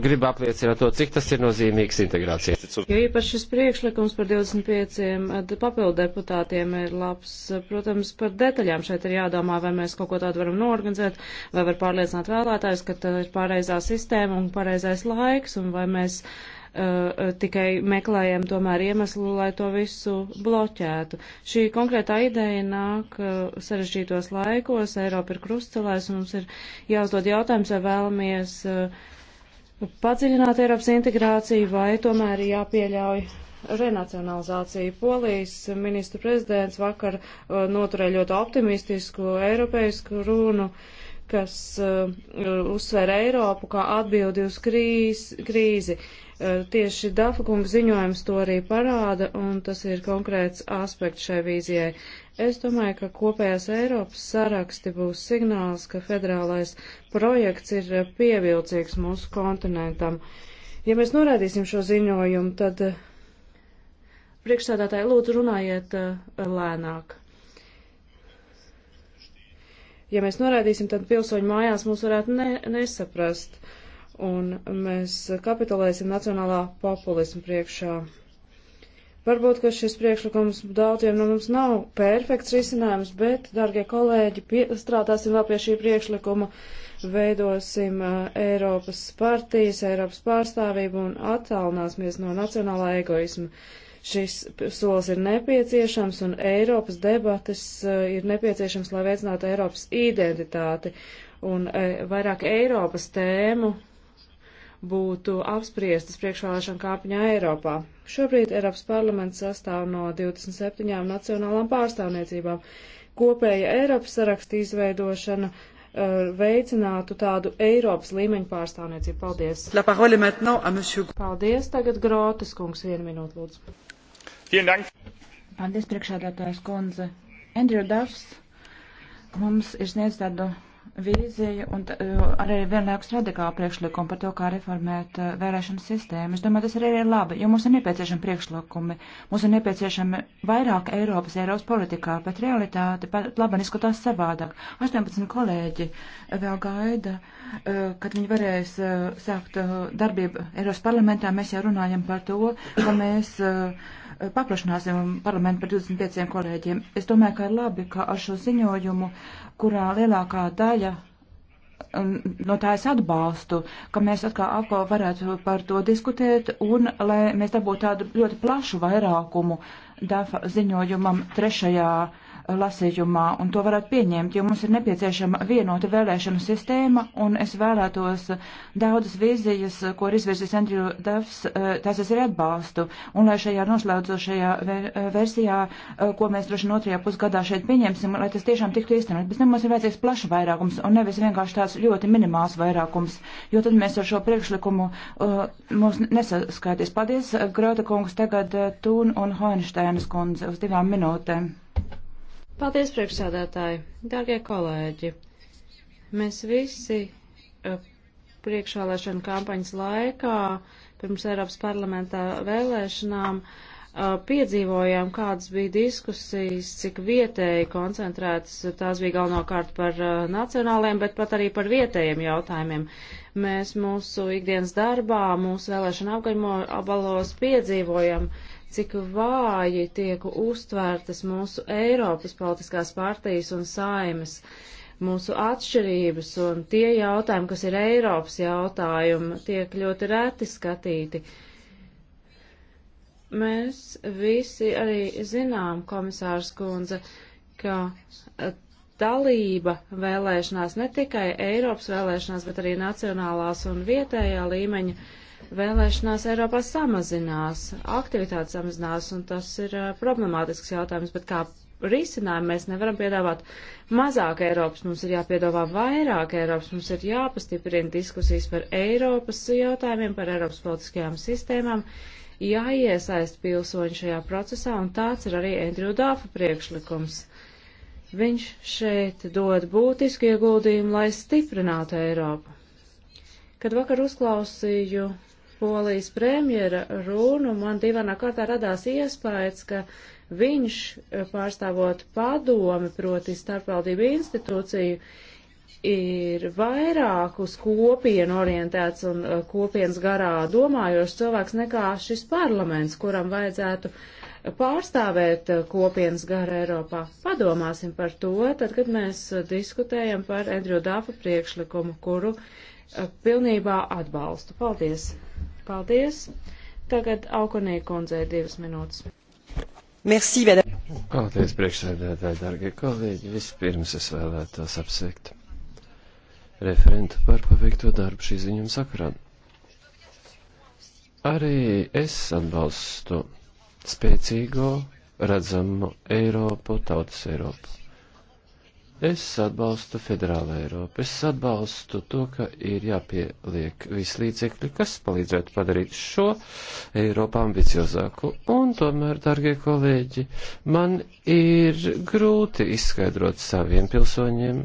gribu apliecināt to, cik tas ir nozīmīgs integrācijai. Jo īpaši šis priekšlikums par 25 papildu deputātiem ir labs. Protams, par detaļām šeit ir jādomā, vai mēs kaut ko tādu varam norganizēt, vai var pārliecināt vēlētājus, ka tā ir pareizā sistēma un pareizais laiks, un vai mēs Eh, eh, tikai meklējam tomēr iemeslu, lai to visu bloķētu. Šī konkrētā ideja nāk eh, sarežģītos laikos, Eiropa ir krustcelēs, un mums ir jāuzdod jautājums, vai vēlamies padziļināt Eiropas integrāciju, vai tomēr jāpieļauj renacionalizāciju. Polijas ministra prezidents vakar uh, noturēja ļoti optimistisku eiropeisku runu, kas uh, uzsver Eiropu kā atbildi uz krīz, krīzi. Eh, tieši Dafa kunga ziņojums to arī parāda, un tas ir konkrēts aspekts šai vīzijai. Es domāju, ka kopējās Eiropas saraksti būs signāls, ka federālais projekts ir pievilcīgs mūsu kontinentam. Ja mēs norādīsim šo ziņojumu, tad eh, priekšstādātāji lūdzu runājiet eh, lēnāk. Ja mēs norādīsim, tad pilsoņu mājās mūs varētu ne, nesaprast. Uh, un mēs kapitulēsim nacionālā populismu priekšā. Varbūt, ka šis priekšlikums daudziem no mums nav perfekts risinājums, bet, dārgie kolēģi, pie, strādāsim vēl pie šī priekšlikuma, veidosim uh, Eiropas partijas, Eiropas pārstāvību un attālināsimies no nacionālā egoisma. Šis solis ir nepieciešams un Eiropas debates uh, ir nepieciešams, lai veicinātu Eiropas identitāti un uh, vairāk Eiropas tēmu būtu apspriestas priekšvēlēšana kāpņā Eiropā. Šobrīd Eiropas parlaments sastāv no 27 nacionālām pārstāvniecībām. Kopēja Eiropas saraksta izveidošana uh, veicinātu tādu Eiropas līmeņu pārstāvniecību. Paldies. Monsieur... Paldies. Tagad Grotas kungs vienu minūtu lūdzu. Paldies, priekšādātājs kundze. Andrew Duffs mums ir sniedz tādu vīziju un eh, arī vienlaikus radikālu priekšlikumu par to, kā reformēt eh, vēlēšanu sistēmu. Es domāju, tas arī ir labi, jo mums ir nepieciešami priekšlikumi, mums ir nepieciešami vairāk Eiropas, Eiropas politikā, bet realitāte pat labāk izskatās savādāk. 18 kolēģi eh, vēl gaida, kad viņi varēs sākt darbību Eiropas parlamentā. Mēs jau runājam par to, ka mēs. Uh, paplašināsim parlamentu par 25 kolēģiem. Es domāju, ka ir labi, ka ar šo ziņojumu, kurā lielākā daļa um, no tā es atbalstu, ka mēs atkal atkal varētu par to diskutēt un lai mēs dabūtu tādu ļoti plašu vairākumu DAFA ziņojumam trešajā uh, lasījumā, un to varētu pieņemt, jo mums ir nepieciešama vienota vēlēšanu sistēma, un es vēlētos daudzas vīzijas, ko ir izvirzis Andrew Duffs, eh, tās es arī atbalstu, un lai šajā noslēdzošajā eh, versijā, eh, ko mēs droši vien otrajā pusgadā šeit pieņemsim, lai tas tiešām tiktu īstenot, bet mums ir vajadzīgs plašs vairākums, un nevis vienkārši tāds ļoti minimāls vairākums, jo tad mēs ar šo priekšlikumu mums nesaskaities. Paldies, Grota kungs, tagad Tūn un Hoinšteinas kundze uz divām minūtēm. Paldies, priekšsādātāji, dārgie kolēģi. Mēs visi eh, priekšvēlēšana kampaņas laikā, pirms Eiropas parlamentā vēlēšanām, eh, piedzīvojām, kādas bija diskusijas, cik vietēji koncentrētas tās bija galvenokārt par eh, nacionāliem, bet pat arī par vietējiem jautājumiem. Mēs mūsu ikdienas darbā, mūsu vēlēšana apgaļmo abalos piedzīvojam uh, cik vāji tiek uztvērtas mūsu Eiropas politiskās partijas un saimas, mūsu atšķirības un tie jautājumi, kas ir Eiropas jautājumi, tiek ļoti reti skatīti. Mēs visi arī zinām, komisārs kundze, ka e, dalība vēlēšanās ne tikai Eiropas vēlēšanās, bet arī nacionālās un vietējā līmeņa uh, vēlēšanās Eiropā samazinās, aktivitāte samazinās, un tas ir uh, problemātisks jautājums, bet kā risinājumu mēs nevaram piedāvāt mazāk Eiropas, mums ir jāpiedāvā vairāk Eiropas, mums ir jāpastiprina diskusijas par Eiropas jautājumiem, par Eiropas politiskajām sistēmām, jāiesaist pilsoņi šajā procesā, un tāds ir arī Andrew Dāfa priekšlikums. Viņš šeit dod būtisku ieguldījumu, lai stiprinātu Eiropu. Kad vakar uzklausīju polijas premjera runu, man divanā kārtā radās iespējas, ka viņš, e, pārstāvot padomi, proti starpvaldību institūciju, ir vairāk uz kopienu orientēts un e, kopienas garā domājošs cilvēks nekā šis parlaments, kuram vajadzētu pārstāvēt e, kopienas garu Eiropā. Padomāsim par to, tad, kad mēs diskutējam par Endriju Dāfa priekšlikumu, kuru pilnībā atbalstu. Paldies! Paldies. Tagad Aukonī kundzei divas minūtes. Merci, madame. Paldies, priekšsēdētāji, dargie kolēģi. Vispirms es vēlētos apsveikt referentu par paveikto darbu šī ziņuma sakarā. Arī es atbalstu spēcīgo redzamu Eiropu, tautas Eiropu. Es atbalstu federālu Eiropu, es atbalstu to, ka ir jāpieliek visi līdzekļi, kas palīdzētu padarīt šo Eiropu ambiciozāku. Un tomēr, dargie kolēģi, man ir grūti izskaidrot saviem pilsoņiem,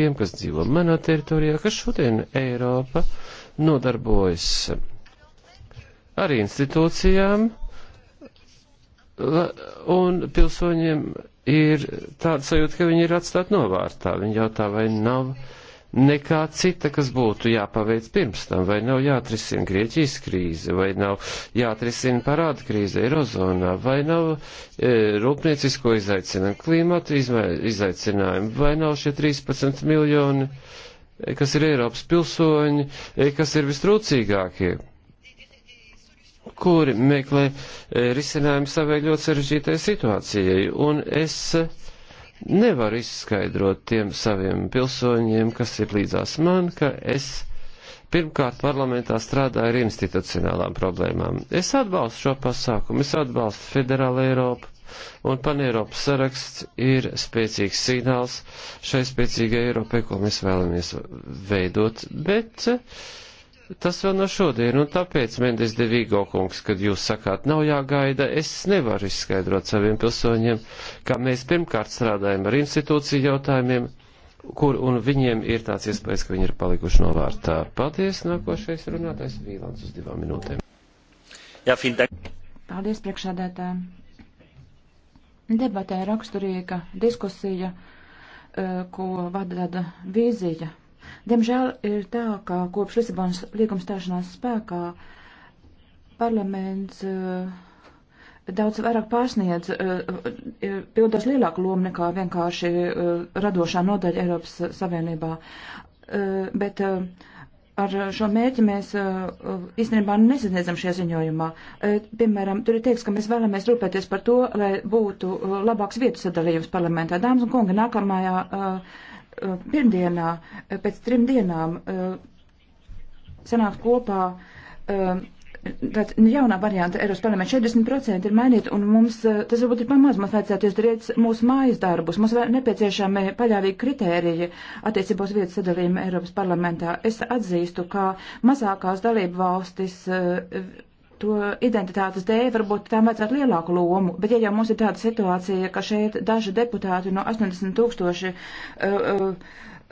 tiem, kas dzīvo manā teritorijā, ka šodien Eiropa nodarbojas ar institūcijām un pilsoņiem ir tāda sajūta, ka viņi ir atstāti novārtā. Viņi jautā, vai nav nekā cita, kas būtu jāpaveic pirms tam, vai nav jāatrisina Grieķijas krīze, vai nav jāatrisina parāda krīze Eirozonā, vai nav e, rūpniecisko izaicinājumu, klimata izaicinājumu, vai nav šie 13 miljoni, e, kas ir Eiropas pilsoņi, e, kas ir vistrūcīgākie kuri meklē e, risinājumu savai ļoti sarežģītai situācijai. Un es nevaru izskaidrot tiem saviem pilsoņiem, kas ir līdzās man, ka es pirmkārt parlamentā strādāju ar institucionālām problēmām. Es atbalstu šo pasākumu, es atbalstu federālu Eiropu, un paneiropas saraksts ir spēcīgs signāls šai spēcīgai Eiropai, ko mēs vēlamies veidot, bet uh, Tas vēl no šodien, un tāpēc, Mendes de Vigo kungs, kad jūs sakāt, nav jāgaida, es nevaru izskaidrot saviem pilsoņiem, ka mēs pirmkārt strādājam ar institūciju jautājumiem, kur un viņiem ir tāds iespējas, ka viņi ir palikuši novārtā. Paldies, nākošais runātais Vīlants uz divām minūtēm. Jā, fintech. Paldies, priekšādētā. Debatē raksturīga diskusija, eh, ko vada tāda vīzija Diemžēl ir tā, ka kopš Lisabonas līguma stāšanās spēkā parlaments eh, daudz vairāk pārsniedz, eh, pildās lielāku lomu nekā vienkārši eh, radošā nodaļa Eiropas Savienībā. Bet ar šo mērķi mēs īstenībā nesasniedzam šajā ziņojumā. Piemēram, tur ir teiks, ka mēs vēlamies rūpēties par to, lai būtu labāks vietu sadalījums parlamentā. Dāmas un kungi, nākamajā. Uh, Eh, pirmdienā, eh, pēc trim dienām eh, sanākt kopā. Tad jaunā varianta Eiropas parlamentā 40% ir mainīta, un mums tas varbūt ir pamaz. Mums vajadzētu izdarīt mūsu mājas darbus. Mums nepieciešami paļāvīgi kritēriji attiecībos vietas sadalījuma Eiropas parlamentā. Es atzīstu, ka mazākās dalību valstis to identitātes dēļ varbūt tām vajadzētu lielāku lomu, bet ja jau mums ir tāda situācija, ka šeit daži deputāti no 80 tūkstoši uh, uh,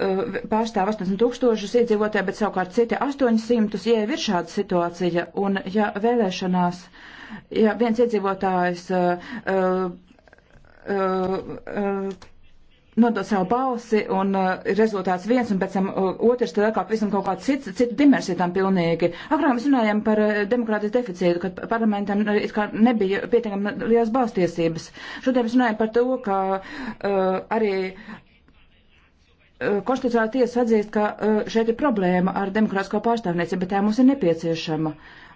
uh pārstāv 80 tūkstošus iedzīvotāji, bet savukārt citi 800, ja ir šāda situācija, un ja vēlēšanās, ja viens iedzīvotājs uh, uh, uh, nodot savu balsi, un uh, rezultāts viens, un pēc tam uh, otrs, tad atkal pavisam kaut kāds cits, cita dimensija tam pilnīgi. Agrāk mēs runājām par uh, demokrātijas deficītu, kad parlamentam uh, kā nebija pietiekami liels balstiesības. Šodien mēs runājam par to, ka uh, arī. Uh, Konstitucionāla tiesa atzīst, ka uh, šeit ir problēma ar demokrātisko pārstāvniecību, bet tā mums ir nepieciešama.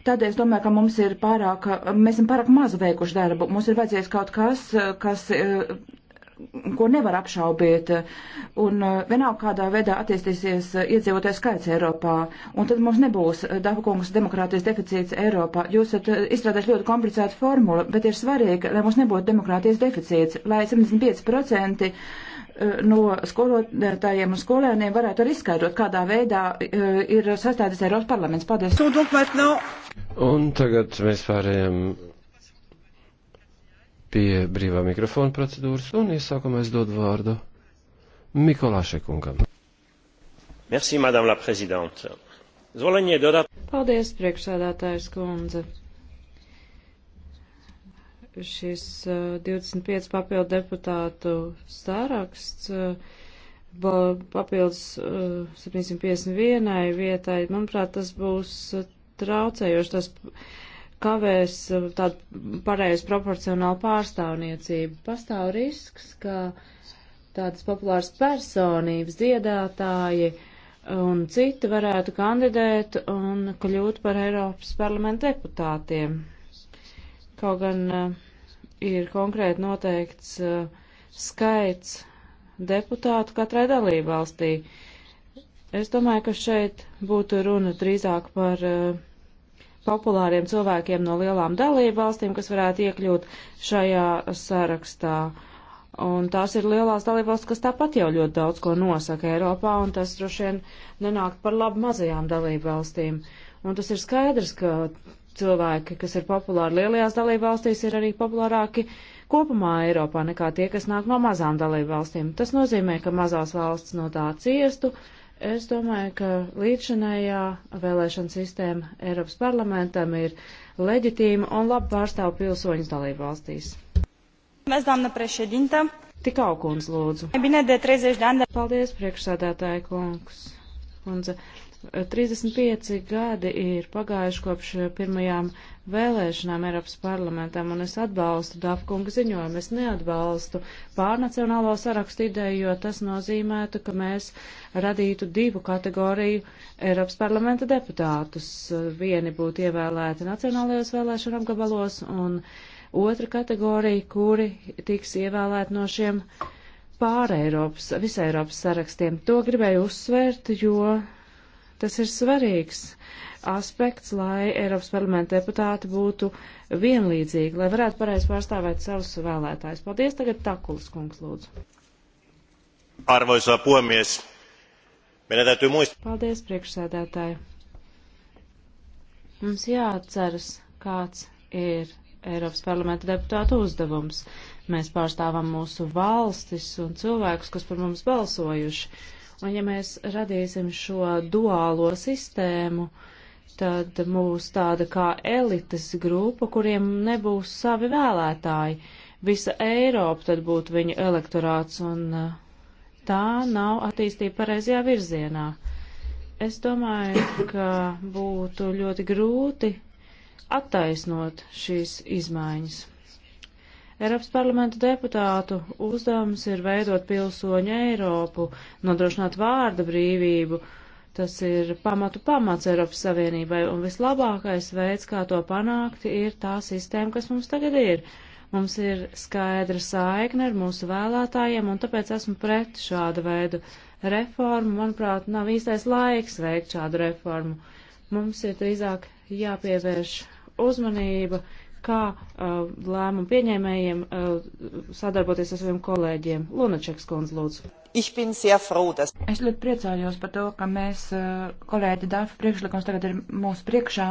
Tādēļ es domāju, ka mums ir pārāk, uh, mēs esam pārāk maz veikuši darbu. Mums ir vajadzīgs kaut kas, uh, kas uh, ko nevar apšaubīt, un eh, vienalga kādā veidā attīstīsies eh, iedzīvotāju skaits Eiropā, un tad mums nebūs eh, Dafkungs demokrātijas deficīts Eiropā. Jūs esat izstrādājuši ļoti komplicētu formulu, bet ir svarīgi, lai mums nebūtu demokrātijas deficīts, lai 75% no skolotājiem un skolēniem varētu arī izskaidrot, kādā veidā ir sastādīts Eiropas parlaments. Paldies! Un tagad mēs pārējām pie brīvā mikrofona procedūras, un iesākumā es dodu vārdu Mikolāšai kungam. Merci, madame la prezidente. Zvolenie dodat... Paldies, priekšsēdētājs kundze. Šis uh, eh, 25 papildu deputātu stāraksts uh, eh, papildus uh, eh, 751 vietai, manuprāt, tas būs traucējoši. Tas, uh, kavēs uh, tādu pareizu proporcionālu pārstāvniecību. Pastāv risks, ka tādas populāras personības, dziedātāji un citi varētu kandidēt un kļūt par Eiropas parlamenta deputātiem. Kaut gan uh, ir konkrēti noteikts uh, skaits deputātu katrai dalībvalstī. Es domāju, ka šeit būtu runa drīzāk par uh, populāriem cilvēkiem no lielām dalību valstīm, kas varētu iekļūt šajā sarakstā. Un tās ir lielās dalībvalstis, kas tāpat jau ļoti daudz ko nosaka Eiropā, un tas droši vien nenāk par labu mazajām dalībvalstīm. Un tas ir skaidrs, ka cilvēki, kas ir populāri lielajās dalībvalstīs, ir arī populārāki kopumā Eiropā nekā tie, kas nāk no mazām dalībvalstīm. Tas nozīmē, ka mazās valsts no tā ciestu, uh, Es domāju, ka līdzinējā vēlēšana sistēma Eiropas parlamentam ir leģitīma un labi pārstāv pilsoņus dalību valstīs. Mēs, dāmna prešedinta. Tik augums, lūdzu. E Paldies, priekšsādātāja kungs. Kundze. 35 gadi ir pagājuši kopš pirmajām vēlēšanām Eiropas parlamentam, un es atbalstu Dafkunga ziņojumu. Es neatbalstu pārnacionālo sarakstu ideju, jo tas nozīmētu, ka mēs radītu divu kategoriju Eiropas parlamenta deputātus. Vieni būtu ievēlēti nacionālajos vēlēšanu apgabalos, un otra kategorija, kuri tiks ievēlēti no šiem pār Eiropas, visai Eiropas sarakstiem. To gribēju uzsvērt, jo Tas ir svarīgs aspekts, lai Eiropas parlamenta deputāti būtu vienlīdzīgi, lai varētu pareizi pārstāvēt savus vēlētājus. Paldies, tagad Takulis kungs lūdzu. Arvoisa puhemies, meidän täytyy muistaa. Paldies, priekšsēdētāji. Mums jāatceras, kāds ir Eiropas parlamenta deputātu uzdevums. Mēs pārstāvam mūsu valstis un cilvēkus, kas par mums balsojuši. Un ja mēs radīsim šo duālo sistēmu, tad mūs tāda kā elites grupa, kuriem nebūs savi vēlētāji. Visa Eiropa tad būtu viņa elektorāts, un uh, tā nav attīstība pareizajā virzienā. Es domāju, ka būtu ļoti grūti attaisnot šīs izmaiņas. Eiropas parlamenta deputātu uzdevums ir veidot pilsoņu Eiropu, nodrošināt vārda brīvību. Tas ir pamatu pamats Eiropas Savienībai, un vislabākais veids, kā to panākt, ir tā sistēma, kas mums tagad ir. Mums ir skaidra saikne ar mūsu vēlētājiem, un tāpēc esmu pret šādu veidu reformu. Manuprāt, nav īstais laiks veikt šādu reformu. Mums ir drīzāk jāpievērš uzmanība kā lēmumu pieņēmējiem sadarboties ar saviem kolēģiem. Lunačeks kundze, lūdzu. Es ļoti priecājos par to, ka mēs, eh, kolēģi Dāfa priekšlikums tagad ir mūsu priekšā.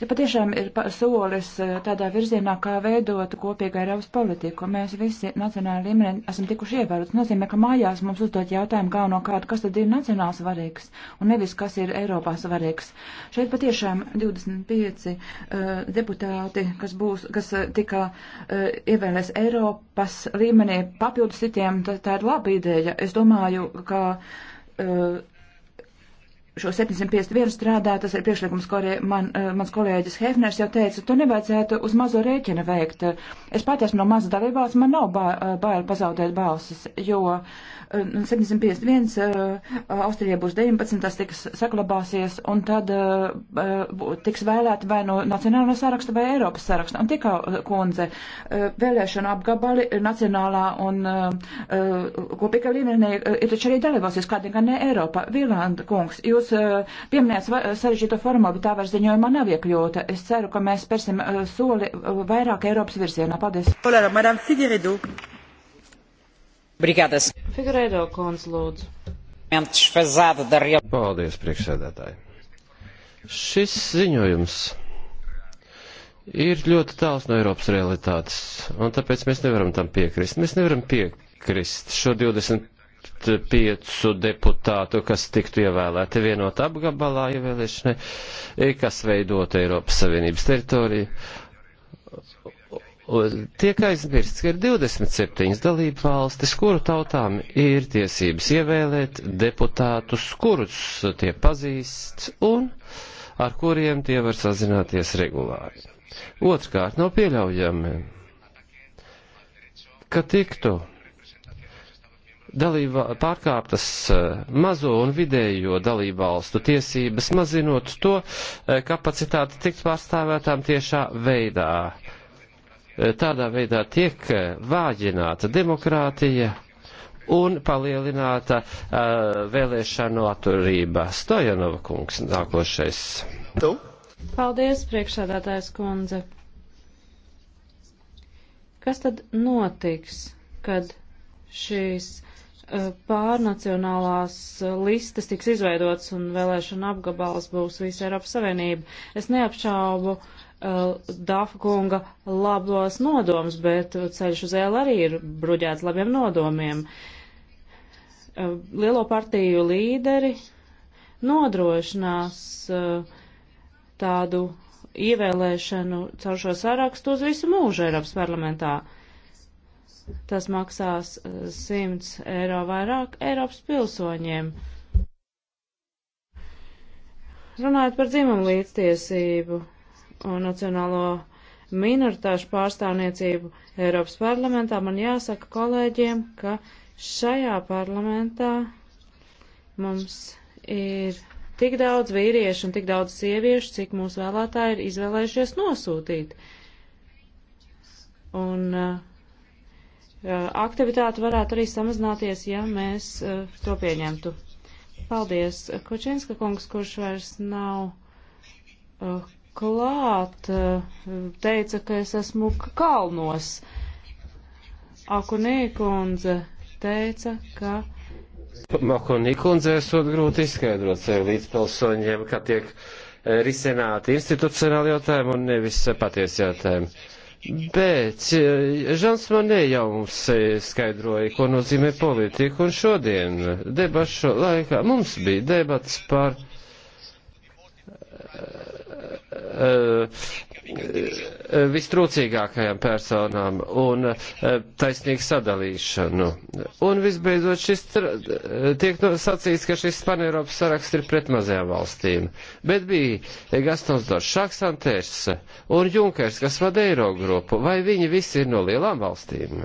Ja patiešām ir solis eh, tādā virzienā, kā veidot kopīgā Eiropas politiku, mēs visi nacionālajā līmenī esam tikuši ievērots. Nozīmē, ka mājās mums uzdot jautājumu galvenokārt, kas tad ir nacionāls svarīgs un nevis, kas ir Eiropā svarīgs. Šeit patiešām 25 uh, eh, deputāti, kas, būs, kas tika uh, ievēlēs Eiropas līmenī papildus citiem, tā, tā ir laba ideja. Es domāju, ka uh, šo 751 strādā, tas ir priekšlikums, ko arī man, eh, mans kolēģis Hefners jau teica, to nevajadzētu uz mazo rēķina veikt. Es pati esmu no maza dalībās, man nav eh, bail pazaudēt balsis, jo 751 eh, nu, Austrijai būs 19, tas tiks saglabāsies, un tad tiks vēlēti vai no nacionālā saraksta vai Eiropas saraksta. Un tikā, kundze, vēlēšana apgabali nacionālā un kopīga līmenī ir taču arī dalībās, kādi gan ne Eiropa. Vilanda kungs, jūs jūs eh, pieminējat sarežģīto formulu, bet tā vairs ziņojumā nav iekļūta. Es ceru, ka mēs spērsim eh, soli eh, vairāk Eiropas virzienā. Paldies. Brigadas. Figueiredo, kundze, lūdzu. Paldies, priekšsēdētāji. Šis ziņojums ir ļoti tāls no Eiropas realitātes, un tāpēc mēs nevaram tam piekrist. Mēs nevaram piekrist šo 20 25 deputātu, kas tiktu ievēlēti vienot apgabalā ievēlēšanai, kas veidot Eiropas Savienības teritoriju. Tiek aizmirsts, ka ir 27 dalību valstis, kuru tautām ir tiesības ievēlēt deputātus, kurus tie pazīst un ar kuriem tie var sazināties regulāri. Otrkārt, nav pieļaujami, ka tiktu dalībā, pārkāptas eh, mazo un vidējo dalībvalstu tiesības, mazinot to eh, kapacitāti tikt pārstāvētām tiešā veidā. Eh, tādā veidā tiek vāģināta demokrātija un palielināta uh, vēlēšanu atturība. Stojanova kungs nākošais. Tu? Paldies, priekšsādātājs kundze. Kas tad notiks, kad šīs Eh, pārnacionālās eh, listas tiks izveidotas un vēlēšana apgabals būs visa Eiropas Savienība. Es neapšaubu uh, Dafa kunga labos nodomus, bet ceļš uz ēlu arī ir bruģēts labiem nodomiem. Uh, lielo partiju līderi nodrošinās uh, tādu ievēlēšanu caur šo sarakstu uz visu mūžu Eiropas parlamentā. Uh, tas maksās 100 eh, eiro vairāk Eiropas pilsoņiem. Runājot par dzimumu līdztiesību un nacionālo minoritāšu pārstāvniecību Eiropas parlamentā, man jāsaka kolēģiem, ka šajā parlamentā mums ir tik daudz vīriešu un tik daudz sieviešu, cik mūsu vēlētāji ir izvēlējušies nosūtīt. Un uh, Eh, aktivitāte varētu arī samazināties, ja mēs eh, to pieņemtu. Paldies, Kočinska kungs, kurš vairs nav eh, klāt, teica, ka es esmu kalnos. Akunī kundze teica, ka. Makonī kundze esot grūti izskaidrot sev līdzpilsoņiem, ka tiek risināti institucionāli jautājumi un nevis patiesi jautājumi. Bet eh, Žans Manē jau mums eh, skaidroja, ko nozīmē politika, un šodien debašu laikā mums bija debats par uh, uh, Eh, eh, vistrūcīgākajām personām un eh, taisnīgu sadalīšanu. Un visbeidzot, šis tiek sacīts, ka šis paneiropas saraksts ir pret mazajām valstīm. Bet bija Gastons Dors, Šaks Antērs un Junkers, kas vada Eiro grupu. Vai viņi visi ir no lielām valstīm?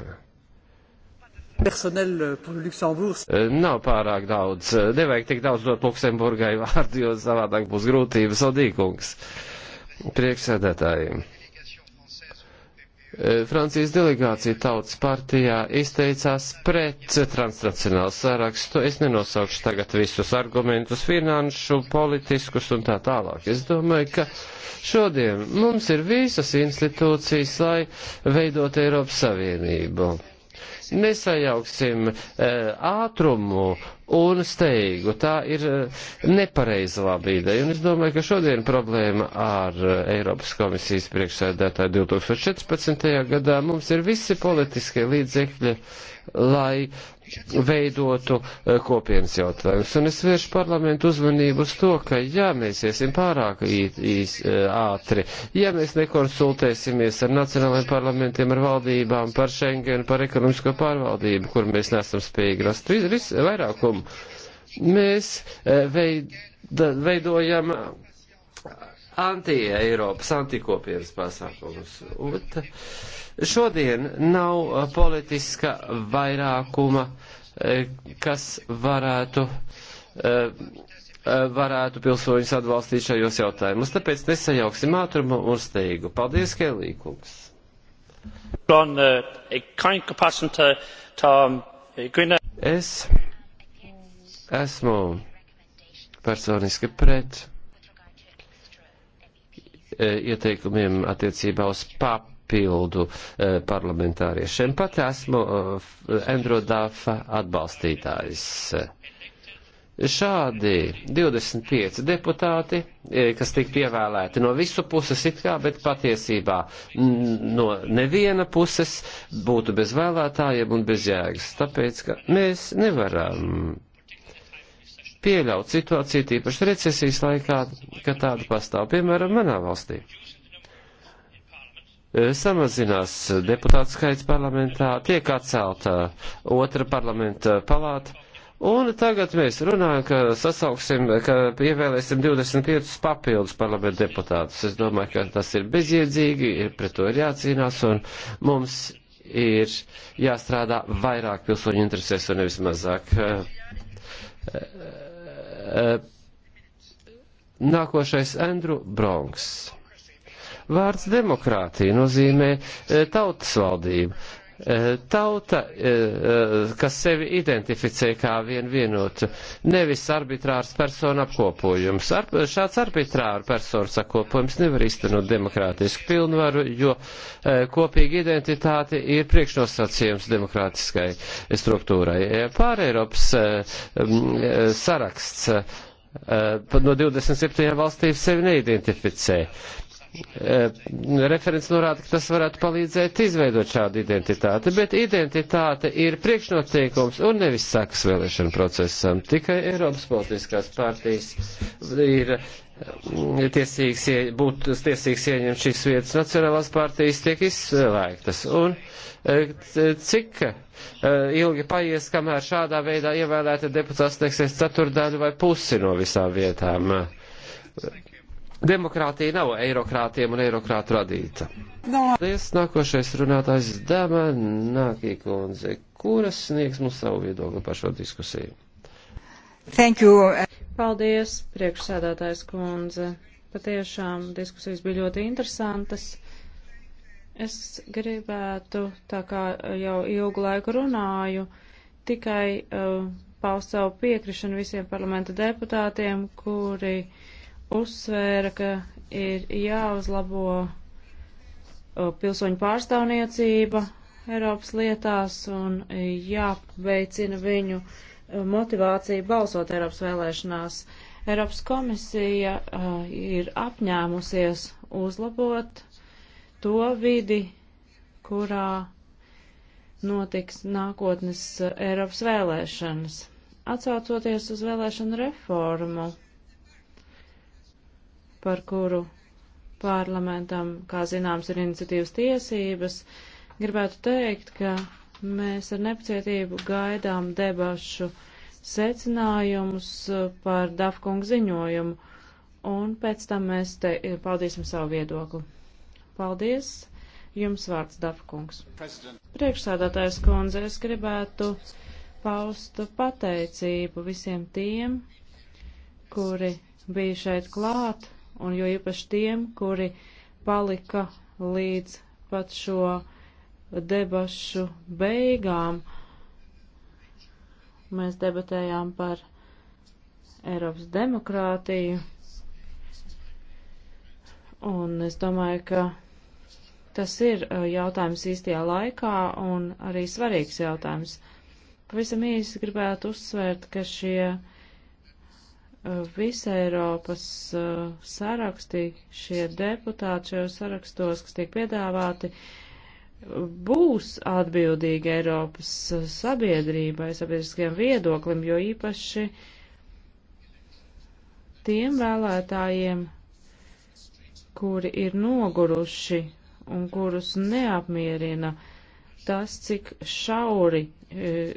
Nav pārāk daudz. Nevajag tik daudz dot Luksemburgai vārdu, jo savādāk būs grūtības, Odīkungs. Uh, Prieksēdētājiem. Francijas delegācija tautas partijā izteicās pret transnacionālu sarakstu. Es nenosaukšu tagad visus argumentus, finanšu, politiskus un tā tālāk. Es domāju, ka šodien mums ir visas institūcijas, lai veidot Eiropas Savienību nesajauksim e, ātrumu un steigu. Tā ir eh, nepareiza laba ideja. Un es domāju, ka šodien problēma ar eh, Eiropas komisijas priekšsēdētāju 2014. gadā mums ir visi politiskie līdzekļi, lai veidotu eh, kopienas jautājumus. Un es vēršu parlamentu uzmanību uz to, ka ja mēs iesim pārāk īs, eh, ātri, ja mēs nekonsultēsimies ar nacionālajiem parlamentiem, ar valdībām, par Schengen, par ekonomisko pārvaldību, kur mēs nesam spējīgi rast vairākumu, mēs eh, veid, veidojam anti-Eiropas, antikopienas pasākumus. Un šodien nav uh, politiska vairākuma, eh, kas varētu eh, eh, varētu pilsoņus atbalstīt šajos jautājumos. Tāpēc nesajauksim ātrumu un steigu. Paldies, Kelīkungs! Es esmu personiski pret Eh, ieteikumiem attiecībā uz papildu eh, parlamentāriešiem. Pat esmu Endrodāfa eh, atbalstītājs. Šādi 25 deputāti, kas tika pievēlēti no visu puses it kā, bet patiesībā no neviena puses būtu bez vēlētājiem un bez jēgas, tāpēc, ka mēs nevaram pieļaut situāciju, tīpaši recesijas laikā, ka tāda pastāv, piemēram, manā valstī. E, samazinās deputātu skaits parlamentā, tiek atcelta otra parlamenta palāta, un tagad mēs runājam, ka sasauksim, ka ievēlēsim 25 papildus parlamenta deputātus. Es domāju, ka tas ir bezjēdzīgi, ir pret to ir jācīnās, un mums ir jāstrādā vairāk pilsoņu interesēs un nevis mazāk. Uh, uh, Eh, nākošais Andrew Bronks. Vārds demokrātija nozīmē eh, tautas valdību. Eh, tauta, eh, eh, kas sevi identificē kā vien vienotu, nevis arbitrārs personu apkopojums. Ar, šāds arbitrāru personu sakopojums nevar iztenot demokrātisku pilnvaru, jo kopīga identitāte ir priekšnosacījums demokrātiskai struktūrai. Pār Eiropas saraksts no 27 valstīm sevi neidentificē. Eh, referents norāda, ka tas varētu palīdzēt izveidot šādu identitāti, bet identitāte ir priekšnoteikums un nevis sakas vēlēšana procesam. Tikai Eiropas politiskās partijas ir eh, tiesīgs, būt tiesīgs ieņemt šīs vietas. Nacionālās partijas tiek izslēgtas. Un eh, cik ilgi paies, kamēr šādā veidā ievēlēta deputāts sniegsies ceturdaļu vai pusi no visām vietām? Demokrātija nav eirokrātiem un eirokrāta radīta. Paldies, nākošais runātājs Dama Nākī kundze, kuras sniegs mums savu viedokli par šo diskusiju. Thank you. Paldies, priekšsēdātājs kundze. Patiešām diskusijas bija ļoti interesantas. Es gribētu, tā kā jau ilgu laiku runāju, tikai uh, paust savu piekrišanu visiem parlamenta deputātiem, kuri uh, uzsvēra, ka ir jāuzlabo pilsoņu pārstāvniecība Eiropas lietās un jāveicina viņu motivācija balsot Eiropas vēlēšanās. Eiropas komisija uh, ir apņēmusies uzlabot to vidi, kurā notiks nākotnes Eiropas vēlēšanas. Atsaucoties uz vēlēšanu reformu, par kuru parlamentam, kā zināms, ir iniciatīvas tiesības, gribētu teikt, ka mēs ar nepacietību gaidām debašu secinājumus par Dafkunga ziņojumu, un pēc tam mēs te paudīsim savu viedokli. Paldies! Jums vārds Dafkungs. Priekšsādātājs kundze, es gribētu paust pateicību visiem tiem, kuri bija šeit klāt un jo īpaši tiem, kuri palika līdz pat šo debašu beigām. Mēs debatējām par Eiropas demokrātiju, un es domāju, ka tas ir uh, jautājums īstajā laikā un arī svarīgs jautājums. Pavisam īsi gribētu uzsvērt, ka šie visa Eiropas eh, sarakstī, šie deputāti šajos sarakstos, kas tiek piedāvāti, būs atbildīgi Eiropas eh, sabiedrībai, sabiedriskajam viedoklim, jo īpaši tiem vēlētājiem, kuri ir noguruši un kurus neapmierina tas, cik šauri eh,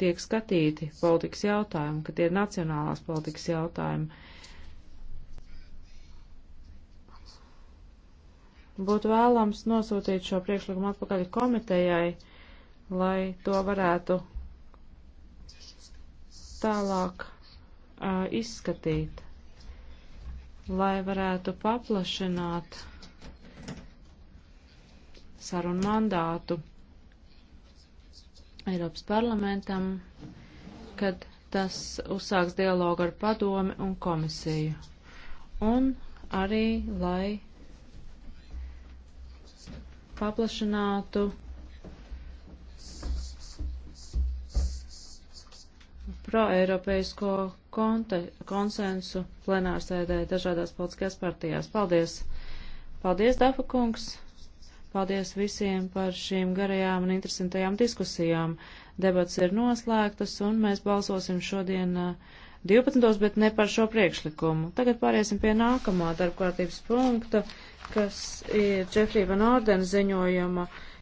tiek skatīti politikas jautājumi, ka tie ir nacionālās politikas jautājumi. Būtu vēlams nosūtīt šo priekšlikumu atpakaļ komitejai, lai to varētu tālāk uh, izskatīt, lai varētu paplašināt sarunu mandātu Eiropas parlamentam, kad tas uzsāks dialogu ar padomi un komisiju. Un arī, lai paplašinātu proeiropeisko konsensu plenārsēdē dažādās politiskajās partijās. Paldies! Paldies, Dafa kungs! Paldies visiem par šīm garajām un interesantajām diskusijām. Debats ir noslēgtas un mēs balsosim šodien 12. Uh, bet ne par šo priekšlikumu. Tagad pāriesim pie nākamā darbkārtības punkta, kas ir Džefrīva Nārdena ziņojuma.